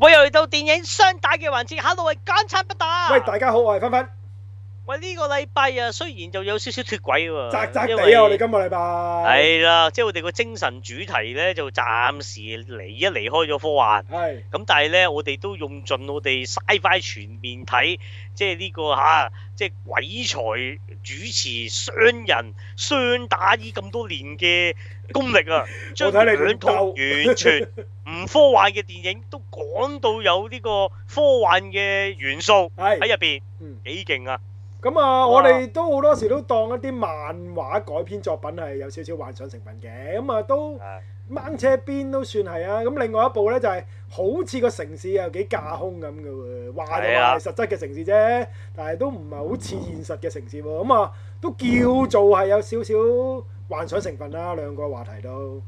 我又嚟到電影雙打嘅環節，嚇，兩位港產不打？喂，大家好，我係分分。喂，呢、這個禮拜啊，雖然就有少少脫軌喎，扎扎底啊！啊因為啊就是、我哋今個禮拜係啦，即係我哋個精神主題咧，就暫時離一離開咗科幻。係咁是，但係咧，我哋都用盡我哋 SciFi 全面睇，即係呢個吓，即、啊、係、就是、鬼才主持雙人雙打依咁多年嘅功力啊，將兩套完全唔科幻嘅電影都講到有呢個科幻嘅元素喺入邊，嗯，幾勁啊！咁啊，啊我哋都好多時都當一啲漫畫改編作品係有少少幻想成分嘅，咁啊都掹車邊都算係啊。咁、啊、另外一部呢，就係、是、好似個城市又幾架空咁嘅喎，話就話係實質嘅城市啫，但係都唔係好似現實嘅城市喎。咁啊都叫做係有少少幻想成分啦。兩個話題都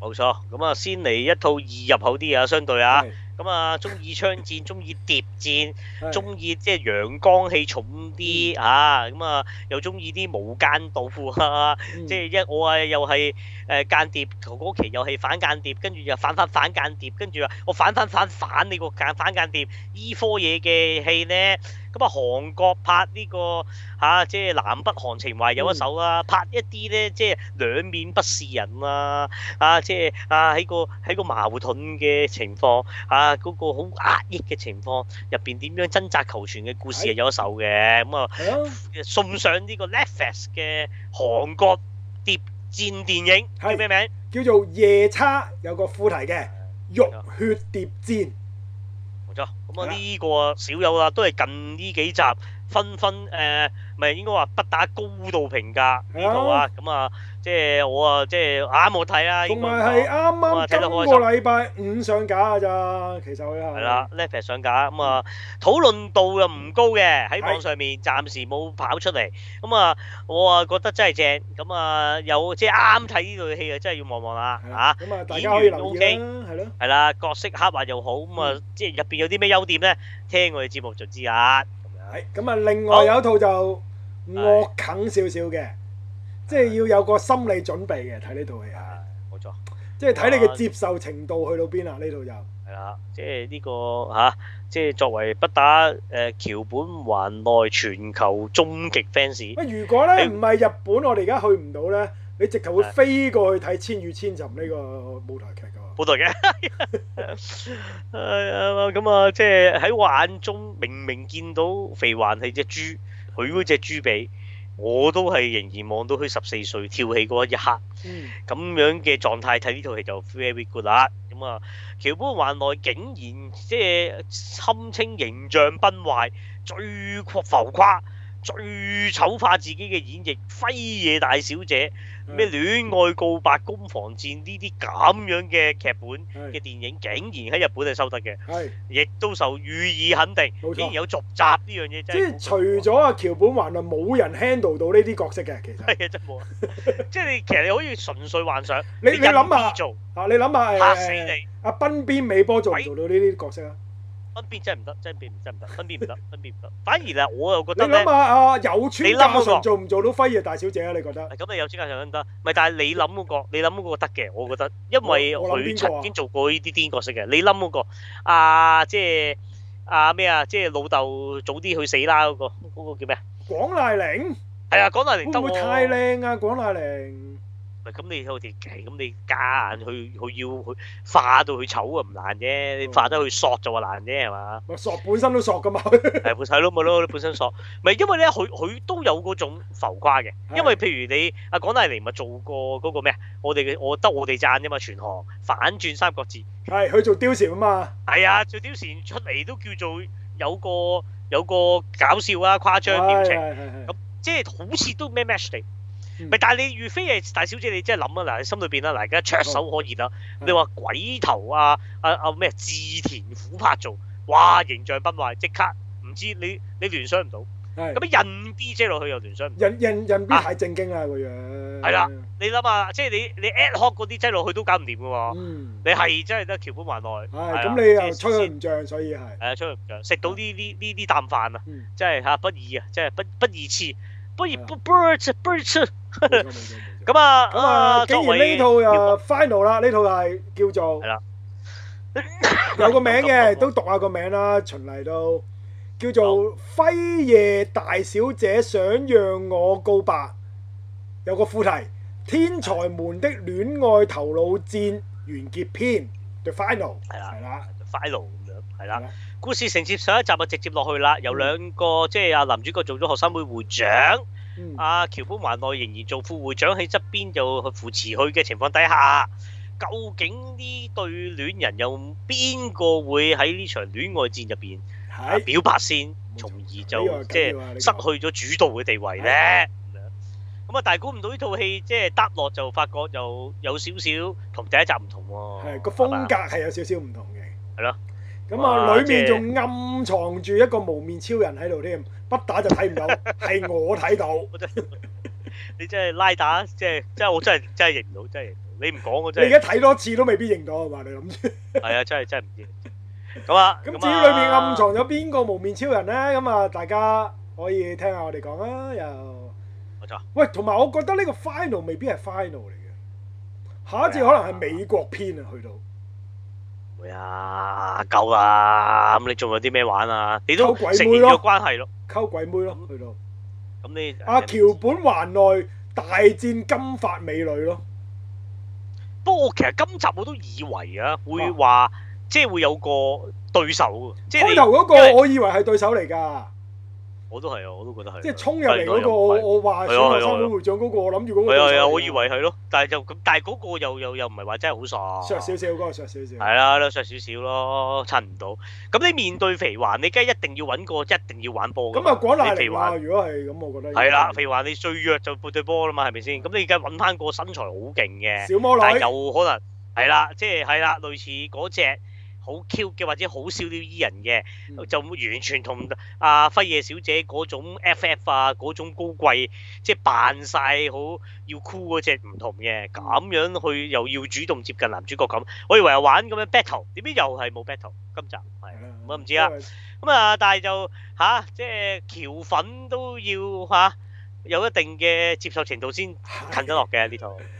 冇錯。咁啊，先嚟一套易入口啲啊，相對啊。咁啊，中意槍戰，中意諜戰，中意即係陽光氣重啲啊。咁啊又中意啲無間道啊，即係一我啊又係誒間諜，同嗰期又係反間諜，跟住又反反反間諜，跟住話我反反反反你個間反間諜，依科嘢嘅戲呢。咁啊，韓國拍呢、這個嚇、啊，即係南北韓情懷有一手啦、啊，拍一啲咧，即係兩面不是人啊，啊，即係啊喺個喺個矛盾嘅情況，啊嗰、那個好壓抑嘅情況入邊點樣掙扎求全嘅故事係有一手嘅，咁啊的送上呢個 Netflix 嘅韓國諜戰電影叫咩名？叫做《夜叉》，有個副題嘅《浴血諜戰》。咁啊！呢個少有啦，都係近呢幾集分分誒，咪、呃、應該話不打高度評價呢度啊！咁啊～、嗯啊即係我啊，即係啱好睇啦。同埋係啱啱今個禮拜五上架嘅咋，其實佢係。係啦，Netflix 上架咁啊，討論度又唔高嘅，喺網上面暫時冇跑出嚟。咁啊，我啊覺得真係正。咁啊，有即係啱睇呢套戲啊，真係要望望啦吓。咁啊，演員 OK，係咯。係啦，角色刻畫又好，咁啊，即係入邊有啲咩優點咧？聽我哋節目就知啊。係咁啊，另外有一套就惡啃少少嘅。即係要有個心理準備嘅，睇呢套戲啊，冇錯，即係睇你嘅接受程度去到邊啦，呢度就係啦，即係呢、呢個吓、啊，即係作為不打誒、呃、橋本環奈全球終極 fans，乜如果咧唔係日本，我哋而家去唔到咧，你直頭會飛過去睇《千與千尋》呢個舞台劇㗎嘛？舞台劇，哎呀咁啊，即係喺我眼中明明，明，明明見到肥環係隻豬，佢嗰隻豬鼻。我都係仍然望到佢十四歲跳起嗰一刻，咁、嗯、樣嘅狀態睇呢套戲就 very good 啦。咁、嗯、啊，橋本環奈竟然即係堪稱形象崩壞最闊浮誇，最醜化自己嘅演繹，輝夜大小姐，咩是戀愛告白攻防戰呢啲咁樣嘅劇本嘅電影，是竟然喺日本係收得嘅，亦是都受予以肯定，錯竟然有續集呢樣嘢，即係除咗阿橋本環奈，冇人 handle 到呢啲角色嘅。其實係啊真冇，即係你其實你可以純粹幻想，你你諗下啊，你諗下嚇死你，阿濱你、啊、邊美波仲做，做到呢啲角色啊？分辨真係唔得，真係辨唔真係唔得，分辨唔得，分辨唔得。反而咧，我又覺得你諗啊，啊有穿加上做唔做到輝夜大小姐啊？你覺得咁啊？有穿加上都得，咪但係你諗嗰個，你諗嗰個得嘅，我覺得，因為佢曾經做過呢啲啲角色嘅。你諗嗰個啊，即係啊咩啊，即係老豆早啲去死啦嗰個，嗰個叫咩啊？廣瀨鈴係啊，廣瀨鈴會唔會太靚啊？廣瀨鈴？咁你有條旗，咁你加眼去佢要去，去化到佢醜啊，唔難啫。你化得佢索就話難啫，係嘛？咪索本身都索㗎嘛。係， 係咯，咪咯，本身索。咪因為咧，佢佢都有嗰種浮誇嘅。因為譬如你阿廣大嚟咪做過嗰個咩？我哋嘅我，我得我哋讚啫嘛，全行反轉三國志。係、哎，佢做貂蟬啊嘛。係啊，做貂蟬出嚟都叫做有個有個搞笑啊，誇張表情咁，即係好似都咩咩地。對咪但係你如非係大小姐你真係諗啊嗱，你心裏邊啦嗱，而家灼手可熱啦，你話鬼頭啊啊啊咩自田虎柏做，哇形象崩壞，即刻唔知你你聯想唔到，咁啊印啲 J 落去又聯想唔到，印印印 B 太正經啊個樣，係啦，你諗下，即係你你 at hot 嗰啲擠落去都搞唔掂噶喎，你係真係得橋本環奈，咁你又吹佢唔漲，所以係係啊吹佢唔漲，食到呢啲呢呢啖飯啊，真係嚇不易啊，真係不不二次。不如不不而止，不而止。咁啊，咁啊，既然呢套又 final 啦，呢套係叫做，有個名嘅，都讀下個名啦。循例都叫做輝夜大小姐想讓我告白，有個副題《天才們的戀愛頭腦戰》完結篇。The final，係啦，係啦，final，係啦。故事承接上一集啊，直接落去啦。由兩個即係阿男主角做咗學生會會長，啊橋、嗯啊、本環奈仍然做副會長喺側邊就去扶持佢嘅情況底下，究竟呢對戀人又邊個會喺呢場戀愛戰入邊、啊的啊、表白先從，從而就即係失去咗主導嘅地位呢？咁啊的，但係估唔到呢套戲即係睇落就發覺就有有少少同第一集唔同喎、啊。係個風格係有少少唔同嘅。係咯。咁啊，嗯、哇裏面仲暗藏住一個無面超人喺度添，不打就睇唔到，係 我睇到，真 你真係拉打，即係即係我真係真係認唔到，真係認唔到，你唔講我真係你而家睇多次都未必認到啊嘛，你諗住係啊，真係真係唔知。咁、嗯、啊，咁至於裏面暗藏咗邊個無面超人咧？咁啊，大家可以聽下我哋講啊，又冇錯。錯喂，同埋我覺得呢個 final 未必係 final 嚟嘅，下一次可能係美國篇啊，去到。係啊，夠啦、哎！咁你仲有啲咩玩啊？你都成咗關係咯，溝鬼妹，溝鬼妹咯，去到咁你阿橋、啊、本環奈大戰金髮美女咯。不過其實今集我都以為啊，會話、啊、即係會有個對手，即係開頭嗰個，我以為係對手嚟㗎。我都係啊，我都覺得係。即係衝入嚟嗰個，我我話係做三委會長嗰個，我諗住嗰個。係啊係啊，我以為係咯，但係就咁，但係嗰個又又又唔係話真係好傻。削少少嗰個，削少少。係啦，都削少少咯，襯唔到。咁你面對肥環，你梗係一定要揾個，一定要玩波。咁啊，果嚟嚟玩啊！如果係，咁我覺得。係啦，肥環你最弱就背對波啦嘛，係咪先？咁你梗係揾翻個身材好勁嘅。小魔女。但係又可能係啦，即係係啦，類似嗰隻。好 cute 嘅或者好小鳥依人嘅。嗯、就完全同阿輝夜小姐嗰種 FF 啊，嗰種高貴，即係扮晒好要 cool 嗰隻唔同嘅，咁樣去又要主動接近男主角咁，我以為玩咁樣 battle，點知又係冇 battle？今集係啊，我唔知啦。咁啊，但係就吓，即係橋粉都要吓、啊，有一定嘅接受程度先近得落嘅呢套。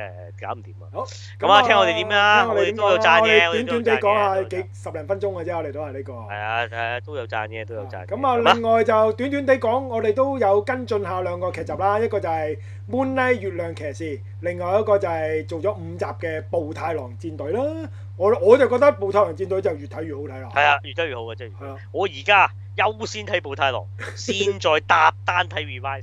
誒，搞唔掂啊！好，咁啊，聽我哋點啦，都有讚嘅，短短地講下，幾十零分鐘嘅啫，我哋都係呢個。係啊，誒，都有讚嘅，都有讚。咁啊，另外就短短地講，我哋都有跟進下兩個劇集啦，一個就係《Moonlight 月亮騎士》，另外一個就係做咗五集嘅《暴太郎戰隊》啦。我我就覺得《暴太郎戰隊》就越睇越好睇啦。係啊，越追越好嘅，真係。係啊，我而家優先睇《暴太郎》，先再搭單睇《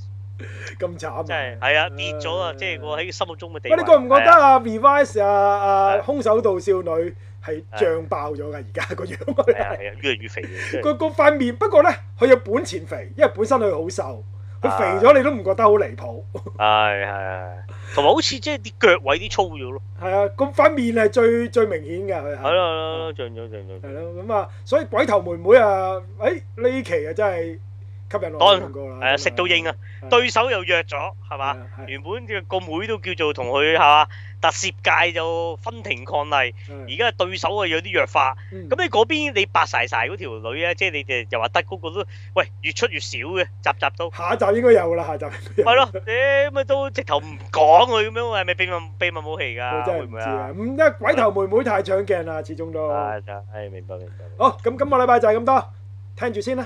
咁慘啊！係啊，跌咗啊，即係我喺心目中嘅地位。你覺唔覺得啊？Revise 啊啊，空手道少女係脹爆咗噶，而家個樣。係啊，越嚟越肥嘅。佢嗰塊面，不過咧，佢有本錢肥，因為本身佢好瘦，佢肥咗你都唔覺得好離譜。係係係，同埋好似即係啲腳位啲粗咗咯。係啊，個塊面係最最明顯嘅佢。係咯係咯，脹咗脹咗。係咯，咁啊，所以鬼頭妹妹啊，誒呢期啊真係。當然啊，食到應啊，對手又弱咗，係嘛？原本個妹都叫做同佢，係嘛？特攝界就分庭抗禮，而家對手啊有啲弱化。咁你嗰邊你白晒晒嗰條女咧，即係你哋又話得，個個都喂越出越少嘅，集集都下一集應該有啦，下集係咯，你咪都直頭唔講佢咁樣，係咪秘密秘密武器噶？我真係唔知啊。唔，因為鬼頭妹妹太搶鏡啦，始終都係啊，明白明白。好，咁今個禮拜就係咁多，聽住先啦。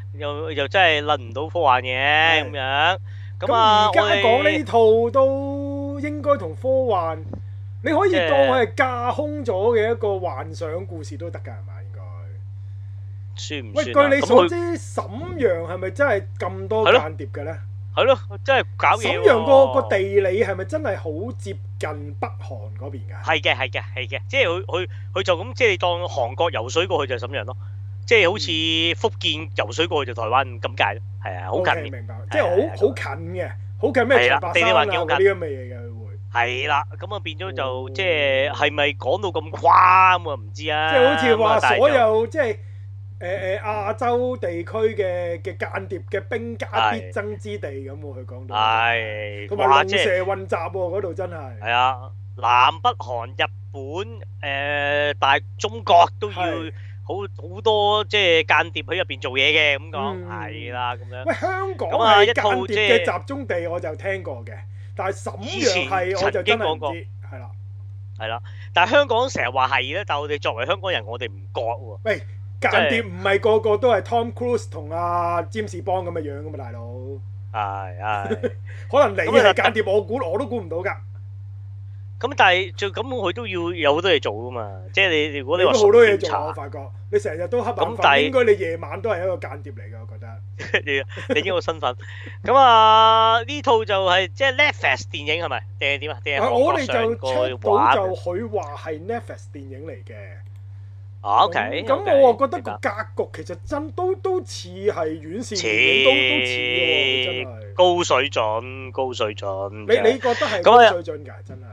又又真係輪唔到科幻嘅咁樣，咁啊，而家講呢套都應該同科幻，你可以當佢係架空咗嘅一個幻想故事都得㗎，係嘛？應該算唔算？喂，據你所知，沈陽係咪真係咁多間諜嘅咧？係咯，真係搞嘢。沈陽個個地理係咪真係好接近北韓嗰邊㗎？係嘅，係嘅，係嘅，即係佢佢佢就咁即係當韓國游水過去就係沈陽咯。即係好似福建游水過去就台灣咁解咯，係啊，好近。我哋明白，即係好好近嘅，好近咩？地理環境近呢啲咁嘅嘢嘅會。係啦，咁啊變咗就即係係咪講到咁誇咁唔知啊。即係好似話所有即係誒誒亞洲地區嘅嘅間諜嘅兵家必爭之地咁佢講到。係。同埋龍蛇混雜喎，嗰度真係。係啊，南北韓、日本誒大中國都要。好好多即係間諜喺入邊做嘢嘅咁講，係啦咁樣。喂，香港係間諜嘅集中地，我就聽過嘅。但係十五係，我就曾經講過，係啦，係啦。但係香港成日話係咧，但係我哋作為香港人，我哋唔覺喎。喂，間諜唔係個個都係 Tom Cruise 同阿詹姆士邦咁嘅樣噶嘛，大佬。係啊， 可能你嘅係間諜，就是、我估我都估唔到㗎。咁但係就咁佢都要有好多嘢做噶嘛？即係你如果你話好多嘢做，我發覺你成日都黑眼瞓，應該你夜晚都係一個間諜嚟嘅，我覺得。你呢個身份？咁啊呢套就係即係 Netflix 電影係咪？定係點啊？定係韓國上過畫就佢話係 Netflix 電影嚟嘅。OK，咁我又覺得個格局其實真都都似係院線，都都似真係高水準，高水準。你你覺得係高水準嘅真係？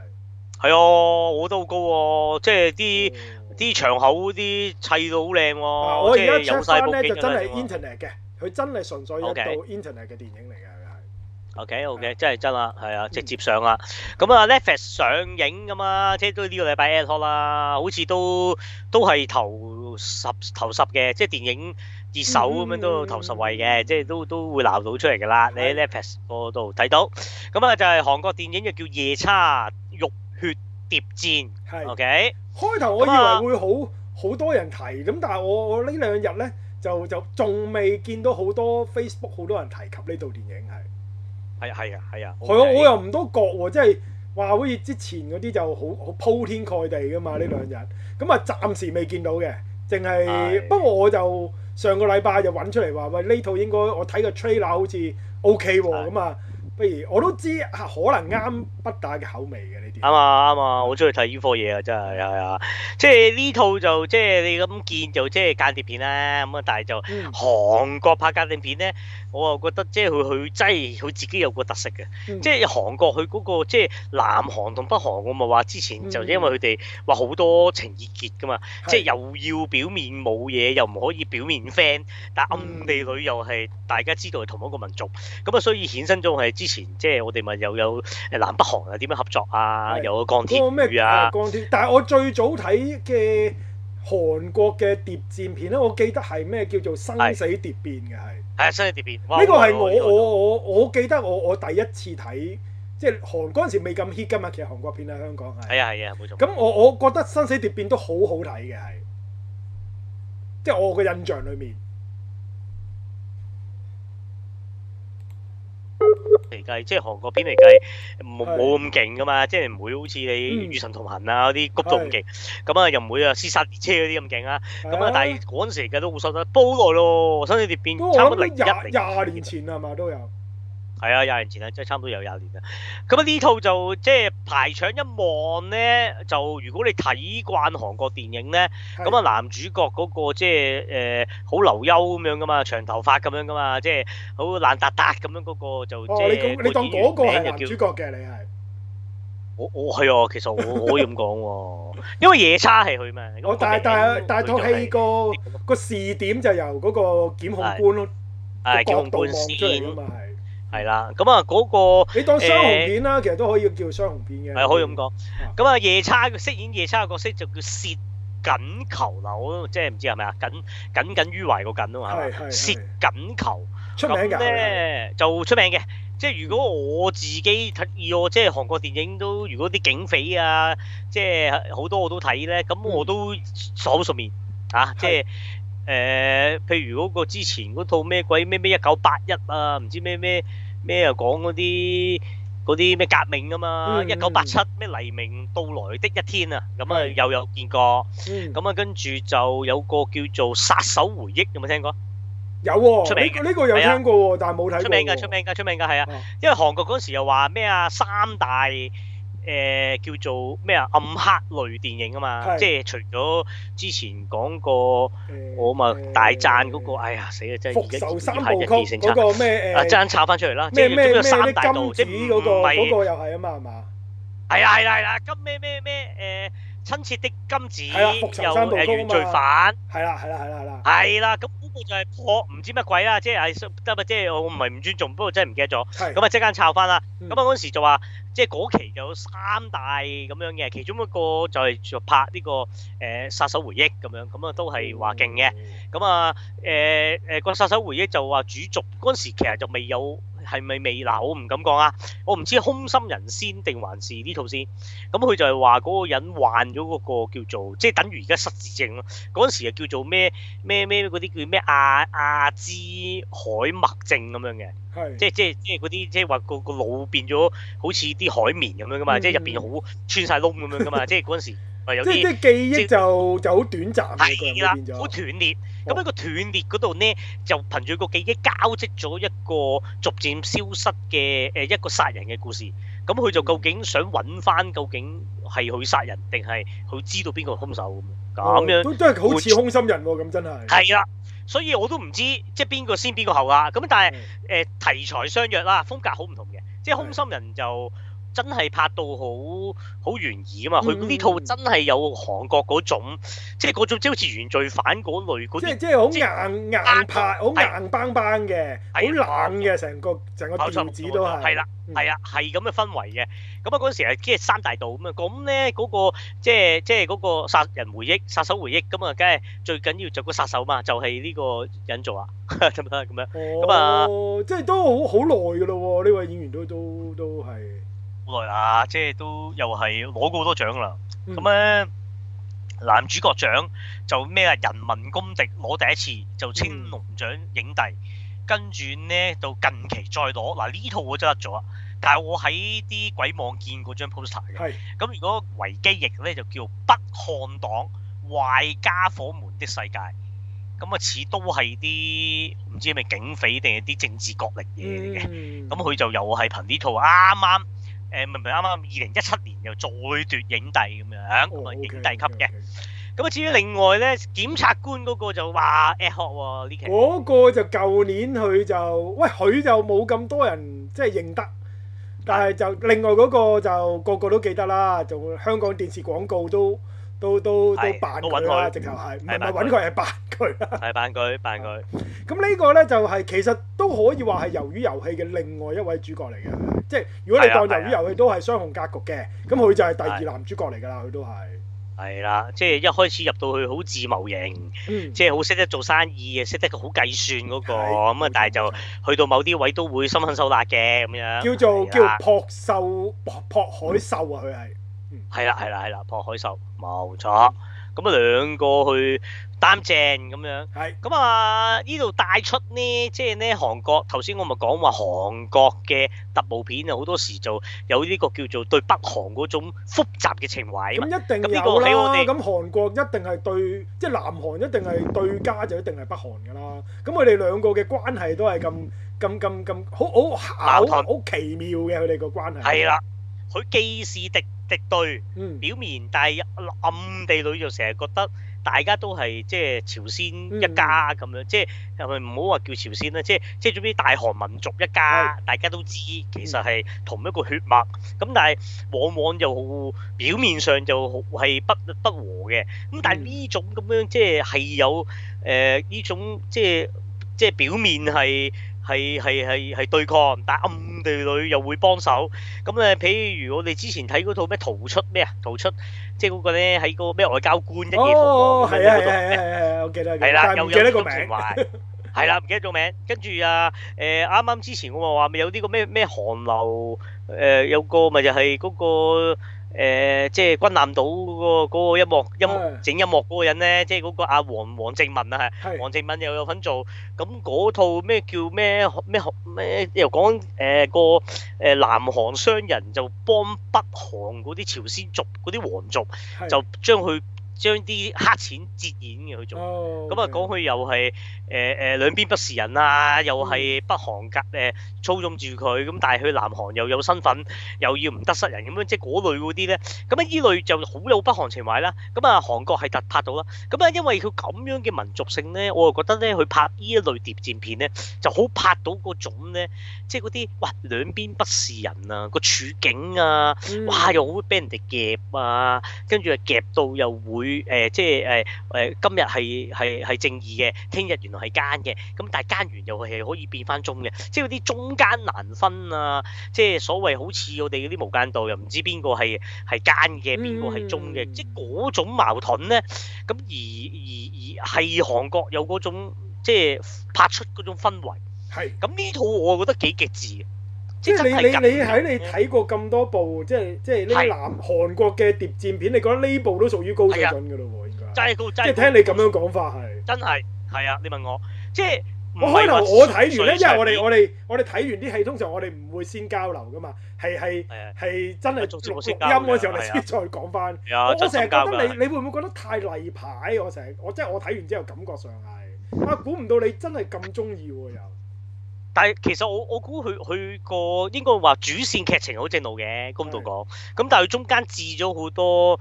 係啊，我都好高喎，即係啲啲場口啲砌到好靚喎。我而家即係由山咧就真係 internet 嘅，佢真係純粹一部 internet 嘅電影嚟㗎。係。O K O K，真係真啦，係啊，直接上啦。咁啊，Netflix 上映咁啊，即係都呢個禮拜 a i r 啦，好似都都係頭十頭十嘅，即係電影熱搜咁樣都頭十位嘅，即係都都會鬧到出嚟㗎啦。你喺 Netflix 嗰度睇到，咁啊就係韓國電影就叫夜叉。血諜戰，係是。開頭 Okay, 我以為會好好這樣 多人提，咁但係我我呢兩日呢，就就仲未見到好多 Facebook 好多人提及呢套電影，係係係啊係啊。係我、啊啊 okay, 啊、我又唔多覺喎，即係話好似之前嗰啲就好好鋪天蓋地噶嘛呢、嗯、兩日。咁啊暫時未見到嘅，淨係是的 不過我就上個禮拜就揾出嚟話喂呢套應該我睇個 trailer 好似 OK 喎咁啊。的不如我都知可能啱北打嘅口味嘅呢啲。啱啊啱啊，我中意睇呢科嘢啊，真係係啊！即係呢套就即係你咁見就即係間諜片啦咁啊，但係就韓國拍間諜片咧，我又覺得即係佢佢真係佢自己有個特色嘅、嗯那個，即係韓國佢嗰個即係南韓同北韓我咪話之前就因為佢哋話好多情意結噶嘛，嗯、即係又要表面冇嘢，又唔可以表面 friend，但係暗、嗯嗯、地裏又係大家知道係同一個民族，咁啊所以衍生中係。前即係我哋咪又有南北韓啊？點樣合作啊？的有鋼鐵啊，啊，鋼鐵。但係我最早睇嘅韓國嘅諜戰片咧，我記得係咩叫做《生死諜變》嘅的，係的。係啊，生死諜變。呢個係我我我我，我記得我我第一次睇，即係韓嗰陣時未咁 hit 噶嘛。其實韓國片喺香港係。係啊係啊冇錯。咁我我覺得《生死諜變》都好好睇嘅，係。即係我嘅印象裏面，嚟計，即係韓國片嚟計，冇冇咁勁噶嘛，即係唔會好似你與神同行啊嗰啲谷到咁勁，咁啊又唔會啊屍殺列車嗰啲咁勁啊，咁啊是的 那但係嗰陣時嘅都好新啦，煲耐咯，甚至碟變差唔多零一年廿廿年前啊嘛都有。係啊，廿年前啊，即係差唔多有廿年啦。咁啊呢套就即係排場一望咧，就如果你睇慣韓國電影咧，咁啊男主角嗰個即係誒，好、呃、留丘咁樣噶嘛長頭髮咁樣噶嘛即係好懶達達咁樣嗰個就，即係你你當嗰個係男主角嘅，你係我我係啊，其實我，我可以咁講喎， 因為夜叉係佢咩？我大大，大套戲個個視點就由嗰個檢控官咯，係檢控官先嚟係啦，咁啊嗰個你當雙雄片啦，欸、其實都可以叫雙雄片嘅。係可以咁講。咁啊夜叉，飾演夜叉嘅角色就叫薛耿求啦，我即係唔知係咪啊？耿耿，耿耿於懷個耿啊嘛，薛耿求。出名嘅。呢就出名嘅，即係如果我自己睇，哦，即係韓國電影都，如果啲警匪啊，即係好多我都睇咧，咁我都手熟面啊，即係。誒、呃，譬如嗰個之前嗰套咩鬼咩咩一九八一啊，唔知咩咩咩又講嗰啲啲咩革命㗎嘛，一九八七咩黎明到來的一天啊，咁啊又有見過，咁啊、嗯、跟住就有個叫做《殺手回憶》，有冇聽過？有喎、哦，呢個呢個有聽過喎，的但係冇睇過出。出名㗎，出名㗎，出名㗎，係啊，因為韓國嗰時又話咩啊，三大、大。誒叫做咩啊？暗黑類電影啊嘛，即係除咗之前講過，我咪大讚嗰個，哎呀死啊！真係復仇三部曲嗰個咩誒？咩咩咩啲金子嗰個，嗰個又係啊嘛係嘛？係啦係啦係啦，咩咩咩誒？親切的金子又誒原罪犯，係啦係啦係啦係啦，係啦咁。就係破唔知乜鬼啦，即係得咪？即係我唔係唔尊重，不過真係唔記得咗。咁啊，即刻抄翻啦。咁啊、嗯，嗰時就話，即係嗰期就有三大咁樣嘅，其中一個就係就拍呢個誒《殺手回憶》咁樣，咁啊都係話勁嘅。咁啊誒誒個《殺手回憶》就話主軸嗰時其實就未有。係咪未鬧？我唔敢講啊！我唔、啊、知空心人先定還是呢套先。咁、嗯、佢就係話嗰個人患咗嗰個叫做，即係等於而家失智症咯。嗰陣時就叫做咩咩咩嗰啲叫咩亞亞茲海默症咁樣嘅是，即係即係即係嗰啲即係話個個腦變咗好似啲海綿咁樣噶嘛，嗯嗯即係入邊好穿晒窿咁樣噶嘛， 即係嗰陣時。即係即係記憶就是就好短暫嘅，好斷裂。咁喺、哦、個斷裂嗰度呢，就憑住個記憶交織咗一個逐漸消失嘅誒、呃、一個殺人嘅故事。咁佢就究竟想搵返，究竟係佢殺人定係佢知道邊個兇手咁？咁樣、哦、都都係好似《空心人、啊》喎，咁真係。係啦，所以我都唔知即係邊個先邊個後啦、啊。咁但係誒、嗯呃、題材相若啦、啊，風格好唔同嘅。即係《空心人》就。的真係拍到好好懸疑啊嘛！佢呢套真係有韓國嗰種，即係嗰種即好似原罪犯嗰類啲，即係即係好硬硬拍，好硬邦邦嘅，好冷嘅成個成個片子都係。係啦，係啊，係咁嘅氛圍嘅。咁啊嗰時係即係三大導咁啊。咁咧嗰個即係即係嗰個殺人回憶、殺手回憶咁啊，梗係最緊要就個殺手嘛，就係呢個人做啊，得唔得啊？咁樣咁啊，即係都好好耐㗎咯喎！呢位演員都都都係。好耐啦，即係都又係攞過好多獎啦。咁咧、嗯，男主角獎就咩啊？人民公敵攞第一次就青龍獎影帝，跟住、嗯、呢，就近期再攞嗱，呢套我真係得咗啊！但係我喺啲鬼網見過張 poster 嘅。咁是如果維基翼呢，就叫北漢黨壞傢伙們的世界，咁啊似都係啲唔知係咪警匪定係啲政治角力嘢嘅。咁佢就又係憑呢套啱啱。啊啊啊誒唔係唔係啱啱二零一七年又再奪影帝咁樣，哦、okay, 影帝級嘅。咁啊 okay, okay, 至於另外咧，檢察官嗰個就話 Eric 喎，呢期。嗰個就舊年佢就，喂佢就冇咁多人即係認得，但係就另外嗰個就個個都記得啦，就香港電視廣告都。都都都扮佢啦，直頭係唔係揾佢係扮佢啦。係扮佢，扮佢。咁呢個呢，就係其實都可以話係《魷魚遊戲》嘅另外一位主角嚟嘅，即係如果你當《魷魚遊戲》都係雙雄格局嘅，咁佢就係第二男主角嚟㗎啦，佢都係。係啦，即係一開始入到去好自謀型，即係好識得做生意，識得好計算嗰個咁啊！但係就去到某啲位都會心狠手辣嘅咁樣。叫做叫朴秀朴海秀啊，佢係。係啦，係啦，係啦，朴海秀冇錯。咁啊兩個去擔正咁樣。係的。咁啊呢度帶出呢，即係呢，韓國。頭先我咪講話韓國嘅特務片啊，好多時就有呢個叫做對北韓嗰種複雜嘅情懷。咁一定有啦。咁韓國一定係對，即係南韓一定係對家，就一定係北韓㗎啦。咁佢哋兩個嘅關係都係咁咁咁咁好好矛盾，好奇妙嘅佢哋個關係。係啦的，佢既是敵的。是敵對表面，但係暗地裏就成日覺得大家都係即係朝鮮一家咁樣，即係係咪唔好話叫朝鮮啦，即係即係總之大韓民族一家，嗯、大家都知其實係同一個血脈。咁但係往往就好表面上就係不不和嘅。咁但係呢種咁樣即係係有誒呢、呃、種即係即係表面係。係係係係對抗，但係暗地裏又會幫手。咁咧，譬如我哋之前睇嗰套咩逃出咩啊？逃出，即係嗰個咧係個咩外交官一夜逃亡嗰種。係係係係，我記得係啦，又又有情懷。係啦，唔記得咗名。跟住啊，誒啱啱之前我話咪有啲個咩咩韓流，誒有個咪就係嗰個。誒、呃，即係軍艦島個嗰個音樂音樂整音樂嗰個人咧，即係嗰個阿、啊、黃黃正文啊，係黃是的 正文又有份做，咁、嗯、嗰套咩叫咩咩咩？又講誒個誒南韓商人就幫北韓嗰啲朝鮮族嗰啲皇族是的 就將佢。將啲黑錢節演嘅去做、oh, okay.，咁啊講佢又係誒誒兩邊不是人啊，又係北韓夾誒、呃、操縱住佢，咁但係佢南韓又有身份，又要唔得失人咁樣，即係嗰類嗰啲咧，咁啊依類就好有北韓情懷啦。咁啊韓國係突拍到啦。咁啊因為佢咁樣嘅民族性咧，我又覺得咧佢拍依一類諜戰片咧，就好拍到嗰種咧，即係嗰啲哇兩邊不是人啊，個處境啊，mm. 哇又好會俾人哋夾啊，跟住啊，夾到又會。佢誒、呃、即係誒誒，今日係係係正義嘅，聽日原來係奸嘅，咁但係奸完又係可以變翻忠嘅，即係啲中間難分啊！即係所謂好似我哋嗰啲無間道，又唔知邊個係係奸嘅，邊個係忠嘅，嗯、即係嗰種矛盾咧。咁而而而係韓國有嗰種即係拍出嗰種氛圍，係咁呢套我覺得幾極致。即係你你喺你睇過咁多部，即係即係南韓國嘅諜戰片，你覺得呢部都屬於高水準嘅咯喎，應該。即係聽你咁樣講法係。真係。係啊，你問我，即係我開頭我睇完咧，因為我哋我哋我哋睇完啲戲，通常我哋唔會先交流噶嘛，係係係真係錄音嗰時候，我哋先再講返。我成日覺得你你會唔會覺得太例牌？我成日，我即係我睇完之後感覺上係啊，估唔到你真係咁鍾意又。但係其實我我估佢佢個應該話主線劇情係好正路嘅，公道講。咁但係佢中間置咗好多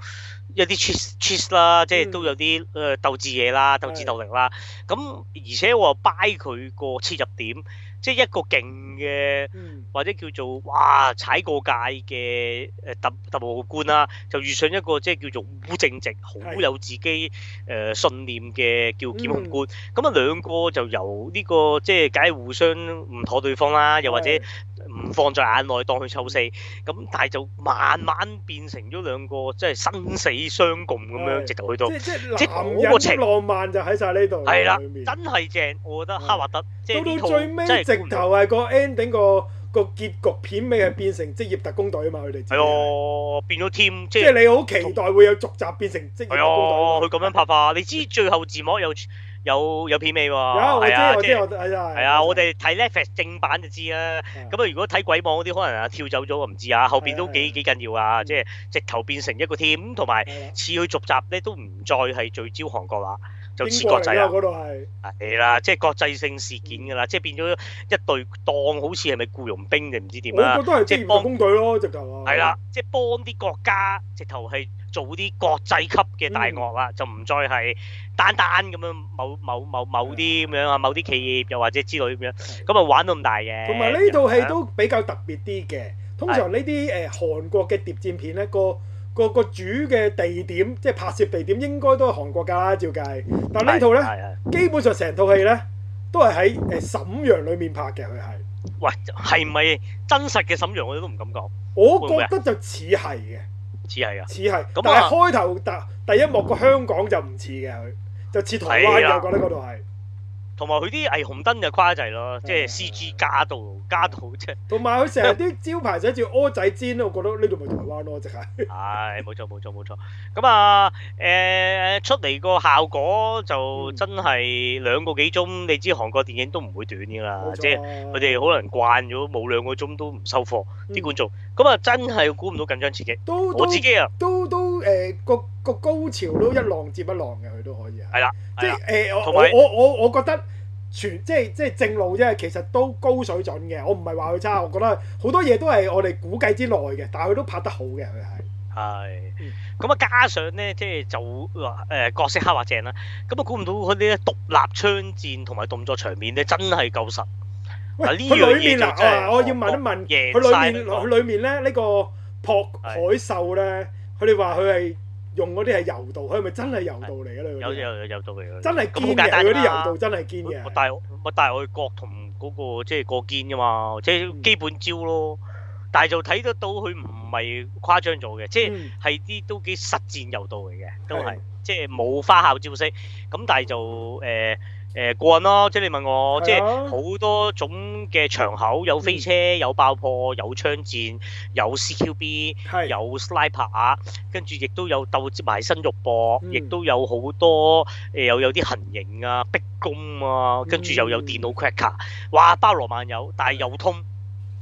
一啲 cheat cheat 啦，即係都有啲誒鬥智嘢啦，鬥智鬥力啦。咁而且我又 buy 佢個切入點。即係一個勁嘅，或者叫做哇踩過界嘅誒特特務官啦，就遇上一個即係叫做好正直、好有自己誒信念嘅叫檢控官。咁啊兩個就由呢個即係梗係互相唔妥對方啦，又或者唔放在眼內當佢臭四。咁但係就慢慢變成咗兩個即係生死相共咁樣，直頭去到即係即係男人情浪漫就喺晒呢度。係啦，真係正，我覺得哈華德到到最尾。直頭係個 ending 個個結局片尾係變成職業特工隊啊嘛，佢哋係哦，變咗 team，即係你好期待會有續集變成職業特工隊。佢咁樣拍法，你知最後字幕有有有片尾喎。啊，我知我知我知我哋睇 Netflix 正版就知啦。咁啊，如果睇鬼網啲，可能啊跳走咗，唔知啊。後邊都幾幾緊要啊，即係直頭變成一個 team，同埋似佢續集咧都唔再係聚焦韓國喇。就似國際啊，嗰度係係啦，即係國際性事件㗎啦，即係變咗一隊當好似係咪僱傭兵定唔知點啊？我覺得即係幫工隊咯，直頭係啦，即係幫啲國家直頭係做啲國際級嘅大惡啦，就唔再係單單咁樣某某某某啲咁樣啊，某啲企業又或者之類咁樣，咁啊玩到咁大嘅。同埋呢套戲都比較特別啲嘅，通常呢啲誒韓國嘅諜戰片咧個。個個主嘅地點，即係拍攝地點，應該都係韓國㗎啦，照計。但係呢套咧，基本上成套戲咧，都係喺誒沈陽裡面拍嘅。佢係，喂，係咪真實嘅沈陽？我都唔敢講。我覺得就似係嘅，似係啊。似係是。但係，開頭第第一幕個香港就唔似嘅，佢就似台灣嘅，的我覺得嗰度係。同埋佢啲霓虹燈就誇得滯咯，即係 C G 加到加到即係，同埋佢成日啲招牌寫住蚵仔煎 我覺得呢度咪台灣咯，即係、 哎。係冇錯冇錯冇錯。咁啊誒出嚟個效果就真係兩個幾鐘，你知韓國電影都唔會短㗎啦。啊、即係佢哋可能慣咗冇兩個鐘都唔收貨啲觀眾。咁啊、嗯、真係估唔到緊張刺激，都我自己啊都都。都都都誒個個高潮都一浪接一浪嘅，佢都可以啊！係啦，即係誒我我我我覺得全即係即係正路啫，其實都高水準嘅。我唔係話佢差，我覺得好多嘢都係我哋估計之內嘅，但係佢都拍得好嘅，佢係。係咁啊！加上咧，即係就誒角色刻畫正啦。咁啊，估唔到嗰啲獨立槍戰同埋動作場面咧，真係夠實。嗱呢樣嘢啊！我要問一問佢裏面，佢裏面咧呢個朴海秀咧。佢哋話佢係用嗰啲係柔道，佢係咪真係柔道嚟嘅？有有有柔道嚟嘅。真係見嘅啲柔道真真，真係堅嘅。但係我但係我係過同嗰、嗰個即係過肩㗎嘛，即係基本招咯。但係就睇得到佢唔係誇張咗嘅，即係係啲都幾實戰柔道嚟嘅，都係的即係冇花巧招式。咁但係就誒。呃誒過癮咯，即係你問我，即係好多種嘅場口，有飛車，有爆破，有槍戰，有 CQB，有 slide 爬，跟住亦都有鬥埋身肉搏，亦都有好多誒，有有啲行刑啊、逼供啊，跟住又有電腦 cracker，哇，包羅萬有，但係有通，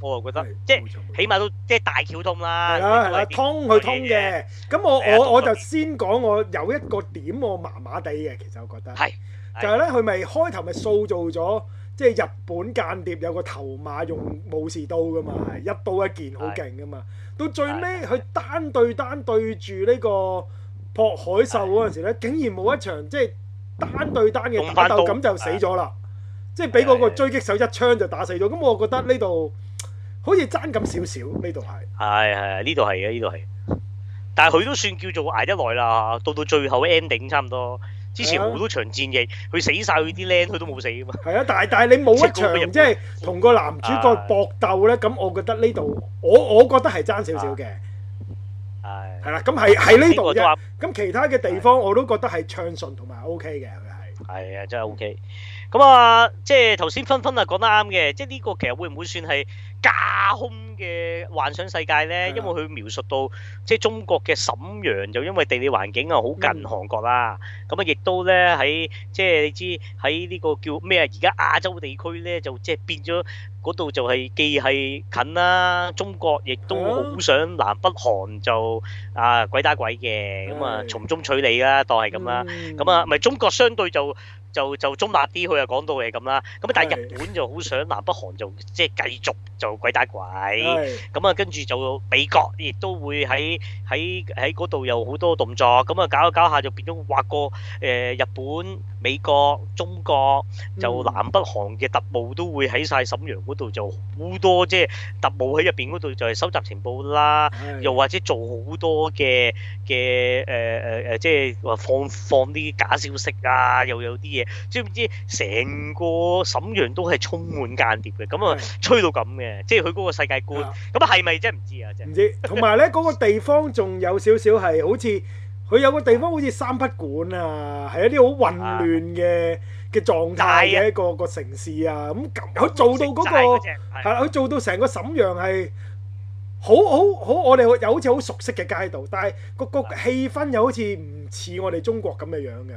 我又覺得即係起碼都即係大橋通啦，通佢通嘅，咁我我我就先講我有一個點我麻麻地嘅，其實我覺得係。就係咧，佢咪開頭咪塑造咗，即係日本間諜有個頭馬用武士刀噶嘛，一刀一件好勁噶嘛。到最尾佢單對單對住呢個朴海秀嗰陣時咧，竟然冇一場即係單對單嘅打鬥，咁就死咗啦。即係俾嗰個狙擊手一槍就打死咗。咁我覺得呢度好似爭咁少少，呢度係係係呢度係嘅，呢度係。但係佢都算叫做捱得耐啦，到到最後 ending 差唔多。之前好多場戰役，佢、啊、死晒佢啲靚，佢都冇死啊嘛。係啊，但係但係你冇一場、呃呃、即係同個男主角搏鬥咧，咁、呃、我覺得呢度我我覺得係爭少少嘅。係、呃。係啦、啊，咁係喺呢度啫。咁、啊、其他嘅地方我都覺得係暢順同埋 OK 嘅，係、呃。係啊，真係 OK。咁啊，即係頭先芬芬啊講得啱嘅，即係呢個其實會唔會算係？架空嘅幻想世界呢，因為佢描述到即係中國嘅沈陽就因為地理環境啊好近韓國啦，咁啊亦都呢，喺即係你知喺呢個叫咩啊？而家亞洲地區呢，就即係變咗嗰度就係既係近啦，中國亦都好想南北韓就啊鬼打鬼嘅，咁啊從中取利啦，當係咁啦，咁啊咪中國相對就就就中立啲，佢又講到嘢咁啦。咁但係日本就好想南北韓就即係繼續就鬼打鬼。咁啊，跟住就美國亦都會喺喺喺度有好多動作。咁啊，搞一搞一下就變咗劃過誒、呃、日本、美國中國就南北韓嘅特務都會喺晒沈陽度就好多即係特務喺入邊度就係收集情報啦， 又或者做好多嘅嘅誒誒誒即係話放放啲假消息啊，又有啲嘢。知唔知成個沈陽都係充滿間諜嘅？咁啊吹到咁嘅，即係佢嗰個世界觀。咁啊係咪真係唔知啊？即係唔知。同埋咧嗰個地方仲有少少係好似佢有個地方好似三不管啊，係一啲好混亂嘅嘅狀態嘅一個個城市啊。咁佢做到嗰個係啦，佢做到成個沈陽係好好好，我哋又好似好熟悉嘅街道，但係個個氣氛又好似唔似我哋中國咁嘅樣嘅。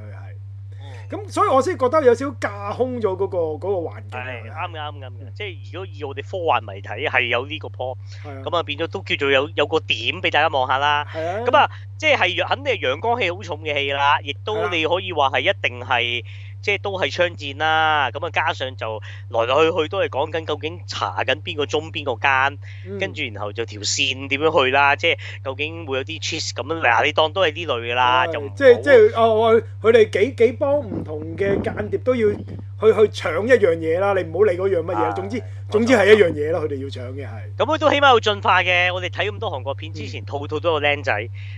咁所以我先覺得有少少架空咗嗰個嗰環境啦，啱嘅啱嘅，即係如果以我哋科幻嚟睇係有呢個 p o i 咁啊變咗都叫做有有個點俾大家望下啦，咁啊是的 即係係肯定係陽光氣好重嘅氣啦，亦都你可以話係一定係。即係都係槍戰啦，咁啊加上就來來去去都係講緊究竟查緊邊個忠邊個奸，跟住、嗯、然後就條線點樣去啦，即係究竟會有啲 cheat 咁啊？你當都係呢類㗎啦，嗯、就不即係即係哦，佢哋幾幾幫唔同嘅間諜都要去去搶一樣嘢啦，你唔好理嗰樣乜嘢，嗯、總之。嗯總之係一樣嘢咯，佢哋要搶嘅係。咁佢都起碼會進化嘅。我哋睇咁多韓國片之前，套套都有靚仔。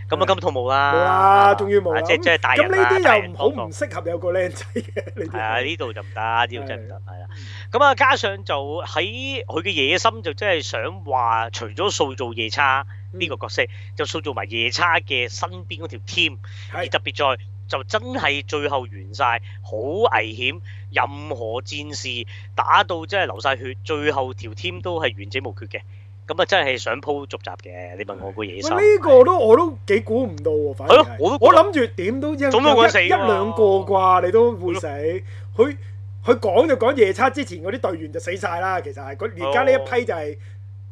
咁啊，今套冇啦。哇，啦，終於冇。即係即係大人啦。咁呢啲又唔好唔適合有個靚仔嘅。係啊，呢度就唔得，呢度真係唔得。係啦。咁啊，加上就喺佢嘅野心就真係想話，除咗塑造夜叉呢個角色，就塑造埋夜叉嘅身邊嗰條 team，而特別在就真係最後完晒，好危險。任何戰士打到真係流晒血，最後條 team 都係完整無缺嘅。咁啊，真係想鋪續集嘅。你問我估嘢。呢個都我都幾估唔到喎，反正。我都諗住點都一死、啊、一兩個啩，你都會死。佢佢講就講夜叉之前嗰啲隊員就死晒啦。其實係而家呢一批就係、是、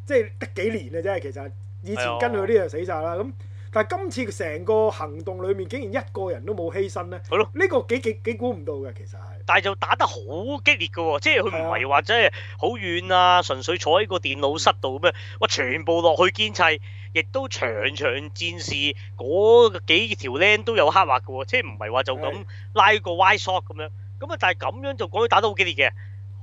即係得幾年啊！真係其實以前跟佢啲就死晒啦咁。但係今次成個行動裡面竟然一個人都冇犧牲咧，係咯的？呢個幾幾幾估唔到嘅其實係。但係就打得好激烈嘅喎、哦，即係佢唔係話即係好遠啊，純粹坐喺個電腦室度咁樣，哇！全部落去堅砌，亦都場場戰士嗰幾條僆都有刻畫嘅喎，即係唔係話就咁拉個 wide shot 咁樣，咁啊！但係咁樣就講起打得好激烈嘅。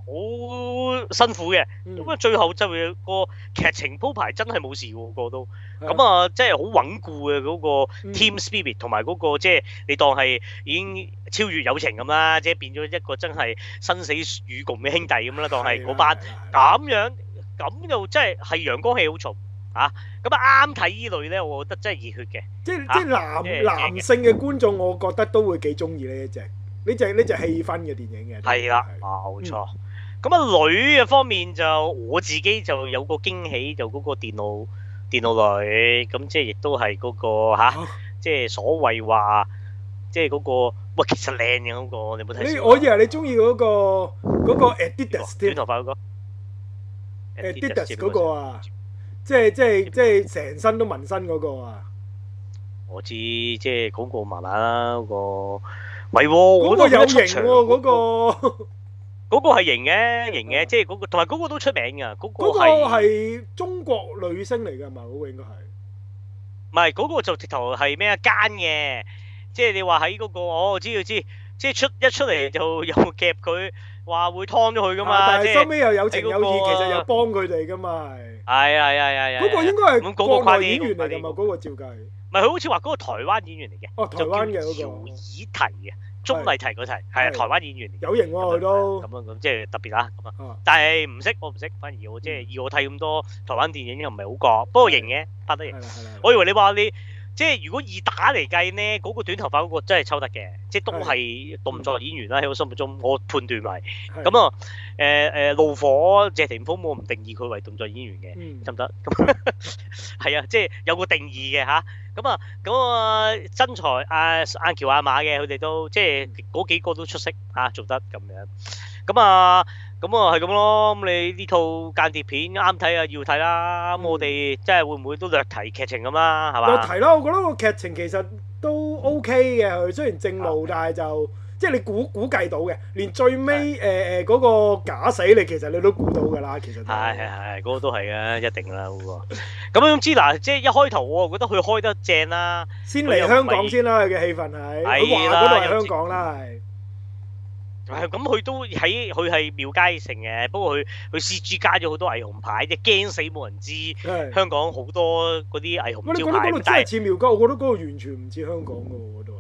好辛苦嘅，咁啊，最後就係個劇情鋪排真係冇事喎，個都，咁啊，即係好穩固嘅嗰個 team spirit 同埋嗰個即係你當係已經超越友情咁啦，即係變咗一個真係生死與共嘅兄弟咁啦，當係嗰班咁樣，咁又真係係陽光氣好重啊。咁啊啱睇呢類咧，我覺得真係熱血嘅，即即男男性嘅觀眾，我覺得都會幾中意呢一隻呢隻呢隻氣氛嘅電影嘅，係啦，冇錯。咁啊，女嘅方面就我自己就有個驚喜，就嗰個電腦電腦女，咁即係亦都係嗰個吓，即係所謂話，即係嗰個喂，其實靚嘅嗰個，你冇睇？我以為你中意嗰個嗰個 Adidas 短頭髮嗰個，欸，Adidas 嗰個啊，即係即係即係成身都紋身嗰個啊！我知，即係嗰個麻麻啦，嗰個唔係，嗰個有型喎，啊，嗰個。 嗰個係型嘅，型嘅，即係嗰個，同埋嗰個都出名嘅。嗰個係中國女星嚟嘅，唔係嗰個應該係。唔係嗰個就直頭係咩奸嘅，即係你話喺嗰個，我知要知，即係出一出嚟就又夾佢，話會劏咗佢噶嘛。但係收尾又有情有義，其實又幫佢哋噶嘛係。係係係係。嗰個應該係國外演員嚟嘅嘛？嗰個照計。唔係佢好似話嗰個台灣演員嚟嘅。哦，台灣嘅叫做姚以緹嘅。鍾麗題嗰題係啊，係呀，台灣演員有型喎，佢都咁樣咁即係特別啦。但係唔識，我唔識。反而我即係，嗯，以我睇咁多台灣電影又唔係好過，係呀，不過型嘅，拍得型。我以為你話啲。即係如果以打嚟計呢，嗰、那個短頭髮嗰個真係抽得嘅，即係都係動作演員啦。喺的我心目中，我判斷係咁啊。誒誒的，怒、呃、火，謝霆鋒，我唔定義佢為動作演員嘅，得唔得？咁係啊，即係有個定義嘅吓。咁啊，咁啊，真才阿阿喬阿、啊、馬嘅佢哋都即係嗰幾個都出色嚇、啊，做得咁樣。咁啊。啊咁啊，係咁咯。咁、嗯嗯、你呢套間諜片啱睇啊，要睇啦。咁、嗯嗯、我哋即係會唔會都略提劇情咁啦，係嘛？略提啦，我覺得個劇情其實都 OK 嘅。佢雖然正路，啊、但係就即係你估估，估計到嘅，連最尾誒誒嗰個假死你其實你都估到㗎啦。其實係係係，嗰個都係嘅，一定啦嗰、嗰個。咁總之嗱，即係一開頭我覺得佢開得正啦。先嚟香港先啦，佢嘅有戲份係。係啦，香港啦係。咁，佢都喺佢係廟街城嘅，不過佢佢 CG 加咗好多霓虹牌，即係驚死冇人知，香港好多嗰啲霓虹招牌。但係，你覺得嗰度真係似廟街？我覺得嗰度完全唔似香港嘅喎，我都係。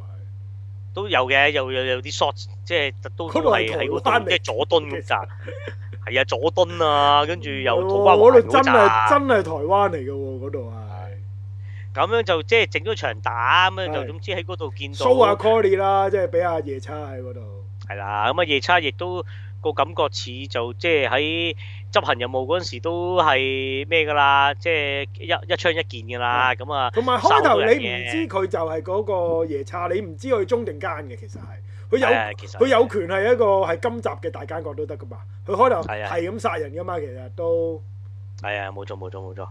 都有嘅，又又又啲 shot 即係都都係喺嗰啲佐敦㗎。係啊，佐敦啊，跟住又台我嗰度真係真係台灣嚟嘅喎，嗰度啊。咁樣就即係整咗場打咁樣，就總之喺嗰度見到。收 call 啦，即係俾阿夜叉喺度。係啦，咁啊夜叉亦都個感覺似就即係喺執行任務嗰陣時都係咩噶啦，即係一一槍一劍噶啦，咁啊、嗯，同埋開頭你唔知佢就係嗰個夜叉、嗯，你唔知佢忠定奸嘅其實係，佢有佢有權係一個係今集嘅大奸角都得噶嘛，佢開頭係咁殺人噶嘛，其實都係啊，冇錯冇錯冇錯。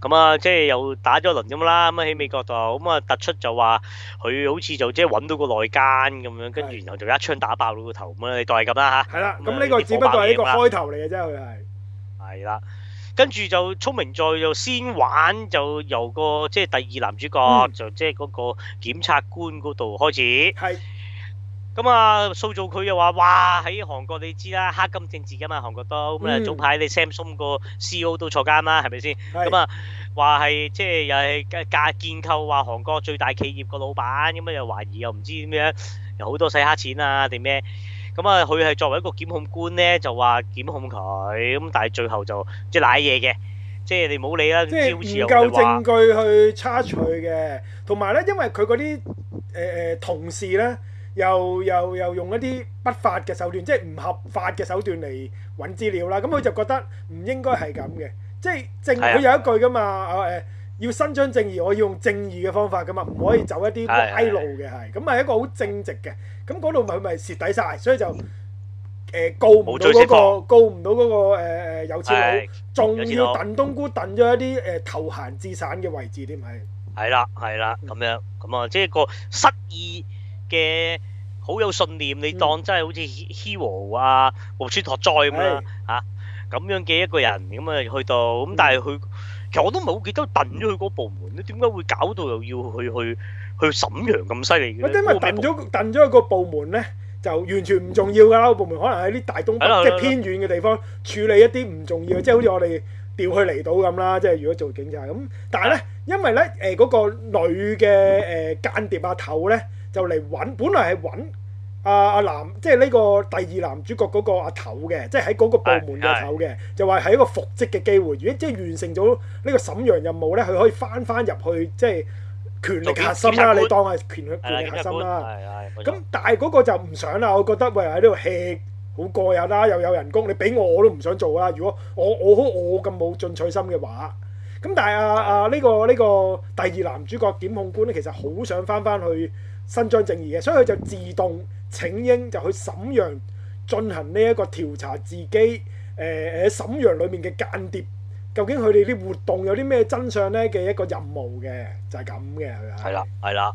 咁啊、嗯，即係又打咗一輪咁啦，咁、嗯、喺美國度，咁、嗯、啊突出就話佢好似就即係揾到個內奸咁樣，跟住的然後就一槍打爆佢個頭，咁你當係咁啦吓，係啦，咁呢個只不過係一個開頭嚟嘅啫，佢係的。係啦，跟住就聰明在就先玩就由個即係第二男主角就、嗯、即係嗰個檢察官嗰度開始。係。咁啊，塑造佢又話：「哇！喺韓國你知啦，黑金政治㗎嘛，韓國都咁啊。嗯、早排上你 Samsung、嗯、個 CEO 都坐監啦，係咪先？咁啊是，話係即係又係架建構話韓國最大企業個老闆，咁啊又懷疑又唔知點樣，又好多洗黑錢啊定咩？咁啊，佢係作為一個檢控官咧，就話檢控佢，咁但係最後就即係賴嘢嘅，即係你冇理啦，唔夠證據去叉取嘅。同埋咧，因為佢嗰啲誒誒同事咧。呃呃呃又又又用一啲不法嘅手段，即係唔合法嘅手段嚟揾資料啦。咁佢就覺得唔應該係咁嘅，即係正。佢有一句噶嘛，啊要伸張正義，我要用正義嘅方法噶嘛，唔可以走一啲歪路嘅係。咁係一個好正直嘅。咁嗰度咪咪蝕底晒，所以就誒告唔到嗰個，告唔到嗰個誒有錢佬，仲要燉冬菇燉咗一啲誒投閒置散嘅位置添係。係啦係啦，咁樣咁啊，即係個失意。嘅好有信念，你當真係好似 Hero 啊，無處托再咁啦嚇咁樣嘅一個人咁啊去到咁，但係佢其實我都唔係好記得，頓咗佢嗰個部門咧，點解會搞到又要去去去瀋陽咁犀利嘅？因為頓咗頓咗一個部門咧，就完全唔重要噶啦，個部門可能喺啲大東北即係偏遠嘅地方處理一啲唔重要，即係好似我哋調去離島咁啦，即係如果做警察咁。但係咧，因為咧誒嗰個女嘅誒間諜阿頭咧。就嚟揾，本嚟係揾阿阿男，即係呢個第二男主角嗰個阿頭嘅，即係喺嗰個部門入頭嘅，對就話係一個復職嘅機會。如果即係、就是、完成咗呢個瀋陽任務咧，佢可以翻翻入去，即、就、係、是、權力核心啦。你當係權力權力核心啦。咁但係嗰個就唔想啦。我覺得喂喺呢度吃好過癮啦，又有人工，你俾我我都唔想做啦。如果我我好我咁冇進取心嘅話，咁但係阿阿呢個呢、這個第二男主角檢控官咧，其實好想翻翻去。伸張正義嘅，所以佢就自動請纓就去瀋陽進行呢一個調查，自己誒誒喺瀋陽裡面嘅間諜，究竟佢哋啲活動有啲咩真相呢？嘅一個任務嘅，就係咁嘅係咪啊？係啦，係啦。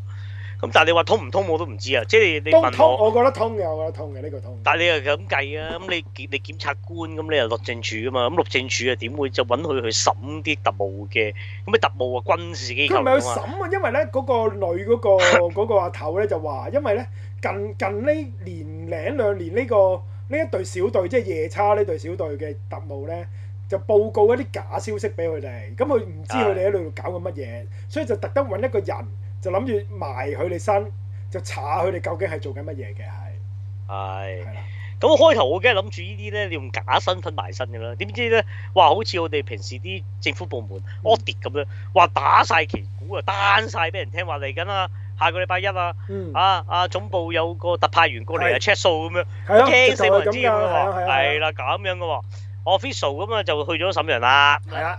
咁但係你話通唔通我都唔知啊！即係你，你問我通通，我覺得通嘅，我覺得通嘅呢、這個通但、啊。但係你又咁計啊？咁你檢你檢察官咁，你又律政處㗎嘛？咁律政處啊點會就揾佢去審啲特務嘅？咁啊特務啊軍事機構啊咪去審啊？因為咧嗰、那個女嗰、那個阿 頭咧就話，因為咧近近呢年零兩年呢、這個呢一隊小隊，即係夜叉呢隊小隊嘅特務咧，就報告一啲假消息俾佢哋，咁佢唔知佢哋喺裏度搞緊乜嘢，的所以就特登揾一個人。就諗住埋佢哋身，就查下佢哋究竟係做緊乜嘢嘅係。係。係是啦。咁開頭我梗係諗住呢啲咧，用假身份埋身嘅啦。點知咧，哇、嗯！好似我哋平時啲政府部門 audit 咁樣，話打晒旗鼓啊，單晒俾人聽話嚟緊啊，下個禮拜一啊，啊啊總部有個特派員過嚟啊 check 數咁樣，樣，驚死冇人知㗎喎。係啦，咁樣嘅喎。Official 咁啊，就去咗沈陽啦。係啊。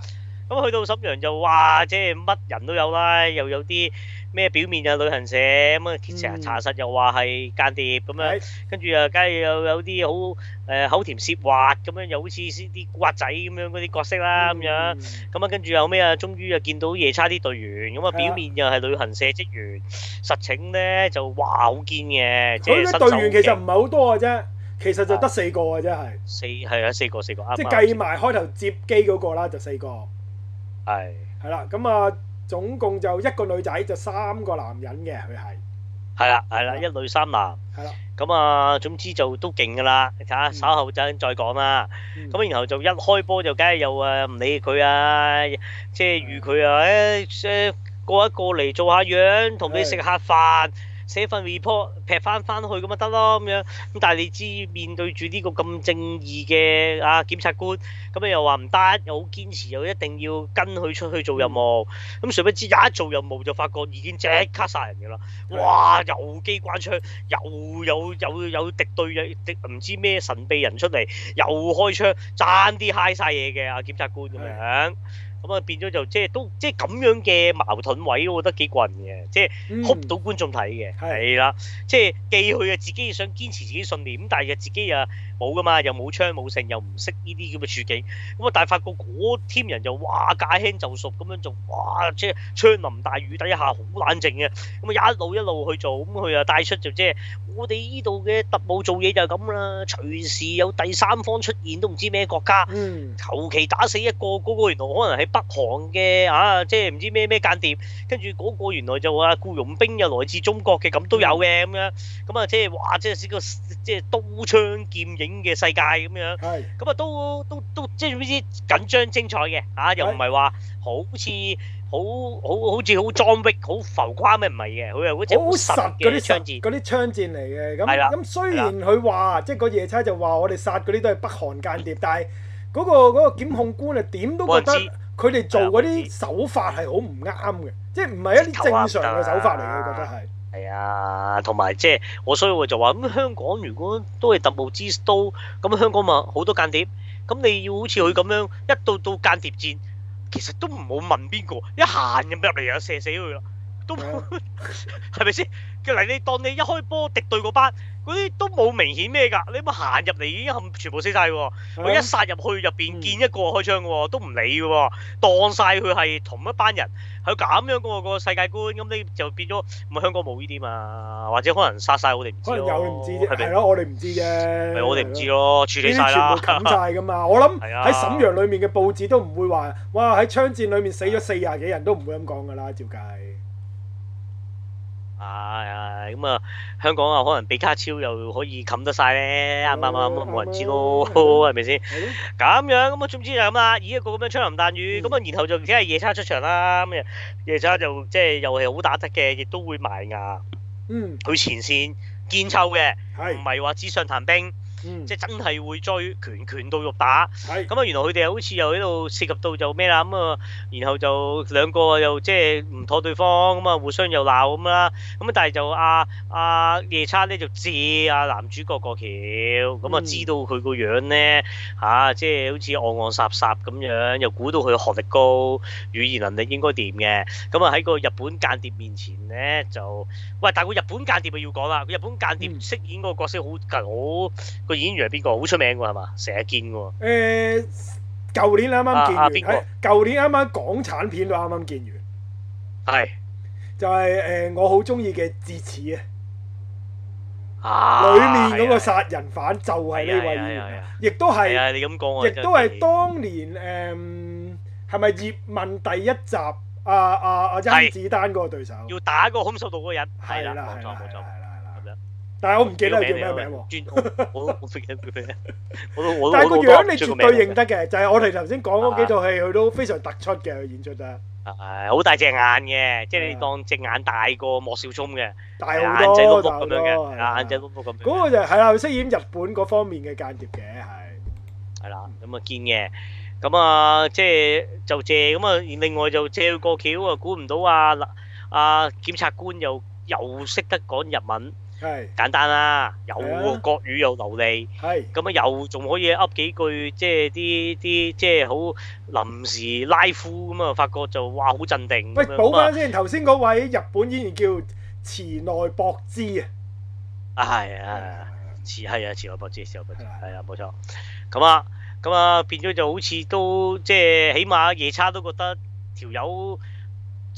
咁去到沈陽就話，即係乜人都有啦，又有啲咩表面嘅旅行社咁啊，成日查實又話係間諜咁樣，跟住又，梗係又有啲好誒口甜舌滑咁樣，又好似啲古惑仔咁樣嗰啲角色啦咁樣，咁啊跟住後尾啊，終於啊見到夜叉啲隊員，咁啊表面又係旅行社職員，實情咧就話好堅嘅，即係身手勁。佢啲隊員其實唔係好多嘅啫，其實就得四個嘅啫係。四係啊，四個四個。即係計埋開頭接機嗰個啦，就四個。係，係啦，咁啊，總共就一個女仔，就三個男人嘅。佢係，係啦，係啦，一女三男，係啦，咁啊，總之就都勁噶啦，你睇下稍後陣再講啦，咁然後就一開波就梗係又誒唔理佢啊，即係遇佢啊，誒，即過一過嚟做下樣，同你食下飯。寫份 report，擗翻翻去咁咪得咯咁樣。咁但係你知面對住呢個咁正義嘅啊檢察官，咁你又話唔得，又好堅持，又一定要跟佢出去做任務。咁誰、嗯、不知一做任務就發覺已經即刻殺人㗎啦！哇，又機關槍，又有有有敵對嘅敵唔知咩神秘人出嚟，又開槍，爭啲嗨晒嘢嘅啊檢察官咁樣。啊咁啊，變咗就即係都即係咁樣嘅矛盾位，我覺得幾過癮嘅，即係吸唔到觀眾睇嘅，係啦的，的即係既佢啊自己想堅持自己信念，咁但係又自己啊～冇㗎嘛，又冇槍冇剩，又唔識呢啲咁嘅處境，咁啊但係發覺嗰 team 人就哇駕輕就熟，咁樣就哇即係槍林大雨底下好冷靜嘅，咁啊一路一路去做，咁佢啊帶出就即、是、係我哋呢度嘅特務做嘢就係咁啦，隨時有第三方出現都唔知咩國家，求其、嗯、打死一個嗰、那個原來可能係北韓嘅啊，即係唔知咩咩間諜，跟住嗰個原來就話僱傭兵又來自中國嘅，咁都有嘅咁樣，咁啊即係哇即係呢個即係刀槍劍影。嘅世界咁樣，咁啊都都都即係呢啲緊張精彩嘅嚇、啊，又唔係話好似好好好似好裝逼、好，好，好浮誇咩？唔係嘅，佢係嗰隻好實嗰啲槍戰，啲槍戰嚟嘅咁。係啦，咁了雖然佢話了即係嗰夜叉就話我哋殺嗰啲都係北韓間諜，了但係、那、嗰個嗰、那個、檢控官啊點都覺得佢哋做嗰啲手法係好唔啱嘅，即係唔係一啲正常嘅手法嚟嘅，啊、我覺得係。啊係啊，同埋即係我所以我就話咁、嗯、香港如果都係特務之都，咁、嗯、香港咪好多間諜，咁、嗯、你要好似佢咁樣一到到間諜戰，其實都唔好問邊個，一行入入嚟又射死佢啦。都係咪先？叫嚟你當你一開波敵對嗰班嗰啲都冇明顯咩㗎，你行入嚟已經冚全部死晒喎。佢的一殺入去入邊見一個開槍嘅喎，都唔理嘅喎，當曬佢係同一班人，係咁樣嘅喎個世界觀。咁你就變咗，香港冇呢啲嘛，或者可能殺晒我哋唔知咯，可能有你唔知啫，係咯，我哋唔知啫。係我哋唔知咯，處理晒啦。啲全部砍曬㗎嘛， 我諗喺沈陽裡面嘅報紙都唔會話哇，喺槍戰裡面死咗四廿幾人都唔會咁講㗎啦，照計。係啊，咁啊、哎哎嗯，香港啊，可能比卡超又可以冚得晒咧，啱唔啱冇人知咯，係咪先？咁、 嗯、 樣咁啊，總之就咁啊，以一個咁樣槍林彈雨，咁啊，然後就而且係夜叉出場啦，咁啊，夜叉就即係又係好打得嘅，亦都會埋牙，嗯，去前線堅臭嘅，係唔係話紙上談兵？即係真係會追，拳拳到肉打，咁啊的原來佢哋好似又喺度涉及到就咩啦咁啊，然後就兩個又即係唔妥對方，咁啊互相又鬧咁啦，咁但係就啊阿、啊、夜叉呢，就借阿男主角過橋，咁啊知道佢個樣呢，嚇、嗯啊，即係好似戇戇霎霎咁樣，又估到佢學歷高，語言能力應該掂嘅，咁啊喺個日本間諜面前呢，就喂，但係個日本間諜就要講啦，佢日本間諜飾演嗰個角色好舊，嗯演員係邊個？好出名㗎，係嘛？成日見㗎。誒，舊年啱啱見完，舊年啱啱港產片都啱啱見完，係就係誒，我好中意嘅智齒啊！裏面嗰個殺人犯就係呢位演員，亦都係。係啊，你咁講，亦都係當年誒，係咪葉問第一集？啊，啊，阿甄子丹嗰個對手，要打個空手道嗰個人。係啦，冇錯，冇錯。但係我唔記得佢叫咩名喎？我我都唔記得佢名。我都我都，但係個樣你絕對認得嘅，就係我哋頭先講嗰幾套戲，佢都非常突出嘅演出就係。係好大隻眼嘅，即係你當隻眼大過莫少聰嘅。大好多好多。眼仔碌碌咁樣嘅，眼仔碌碌咁樣。嗰個就係啦，佢飾演日本嗰方面嘅間諜嘅，係。係啦，咁啊見嘅，咁啊即係就借咁啊，另外就借過橋啊，估唔到啊啊檢察官又又識得講日文。係簡單啦，又國語又流利，係咁啊又仲可以噏幾句，即係啲啲即係好臨時拉夫咁啊，發覺就哇好鎮定。喂，補翻先，頭先嗰位日本演員叫池內博之啊，啊係啊係，池係啊池內博之，池內博之係啊冇錯。咁啊咁啊變咗就好似都即係起碼夜叉都覺得條友。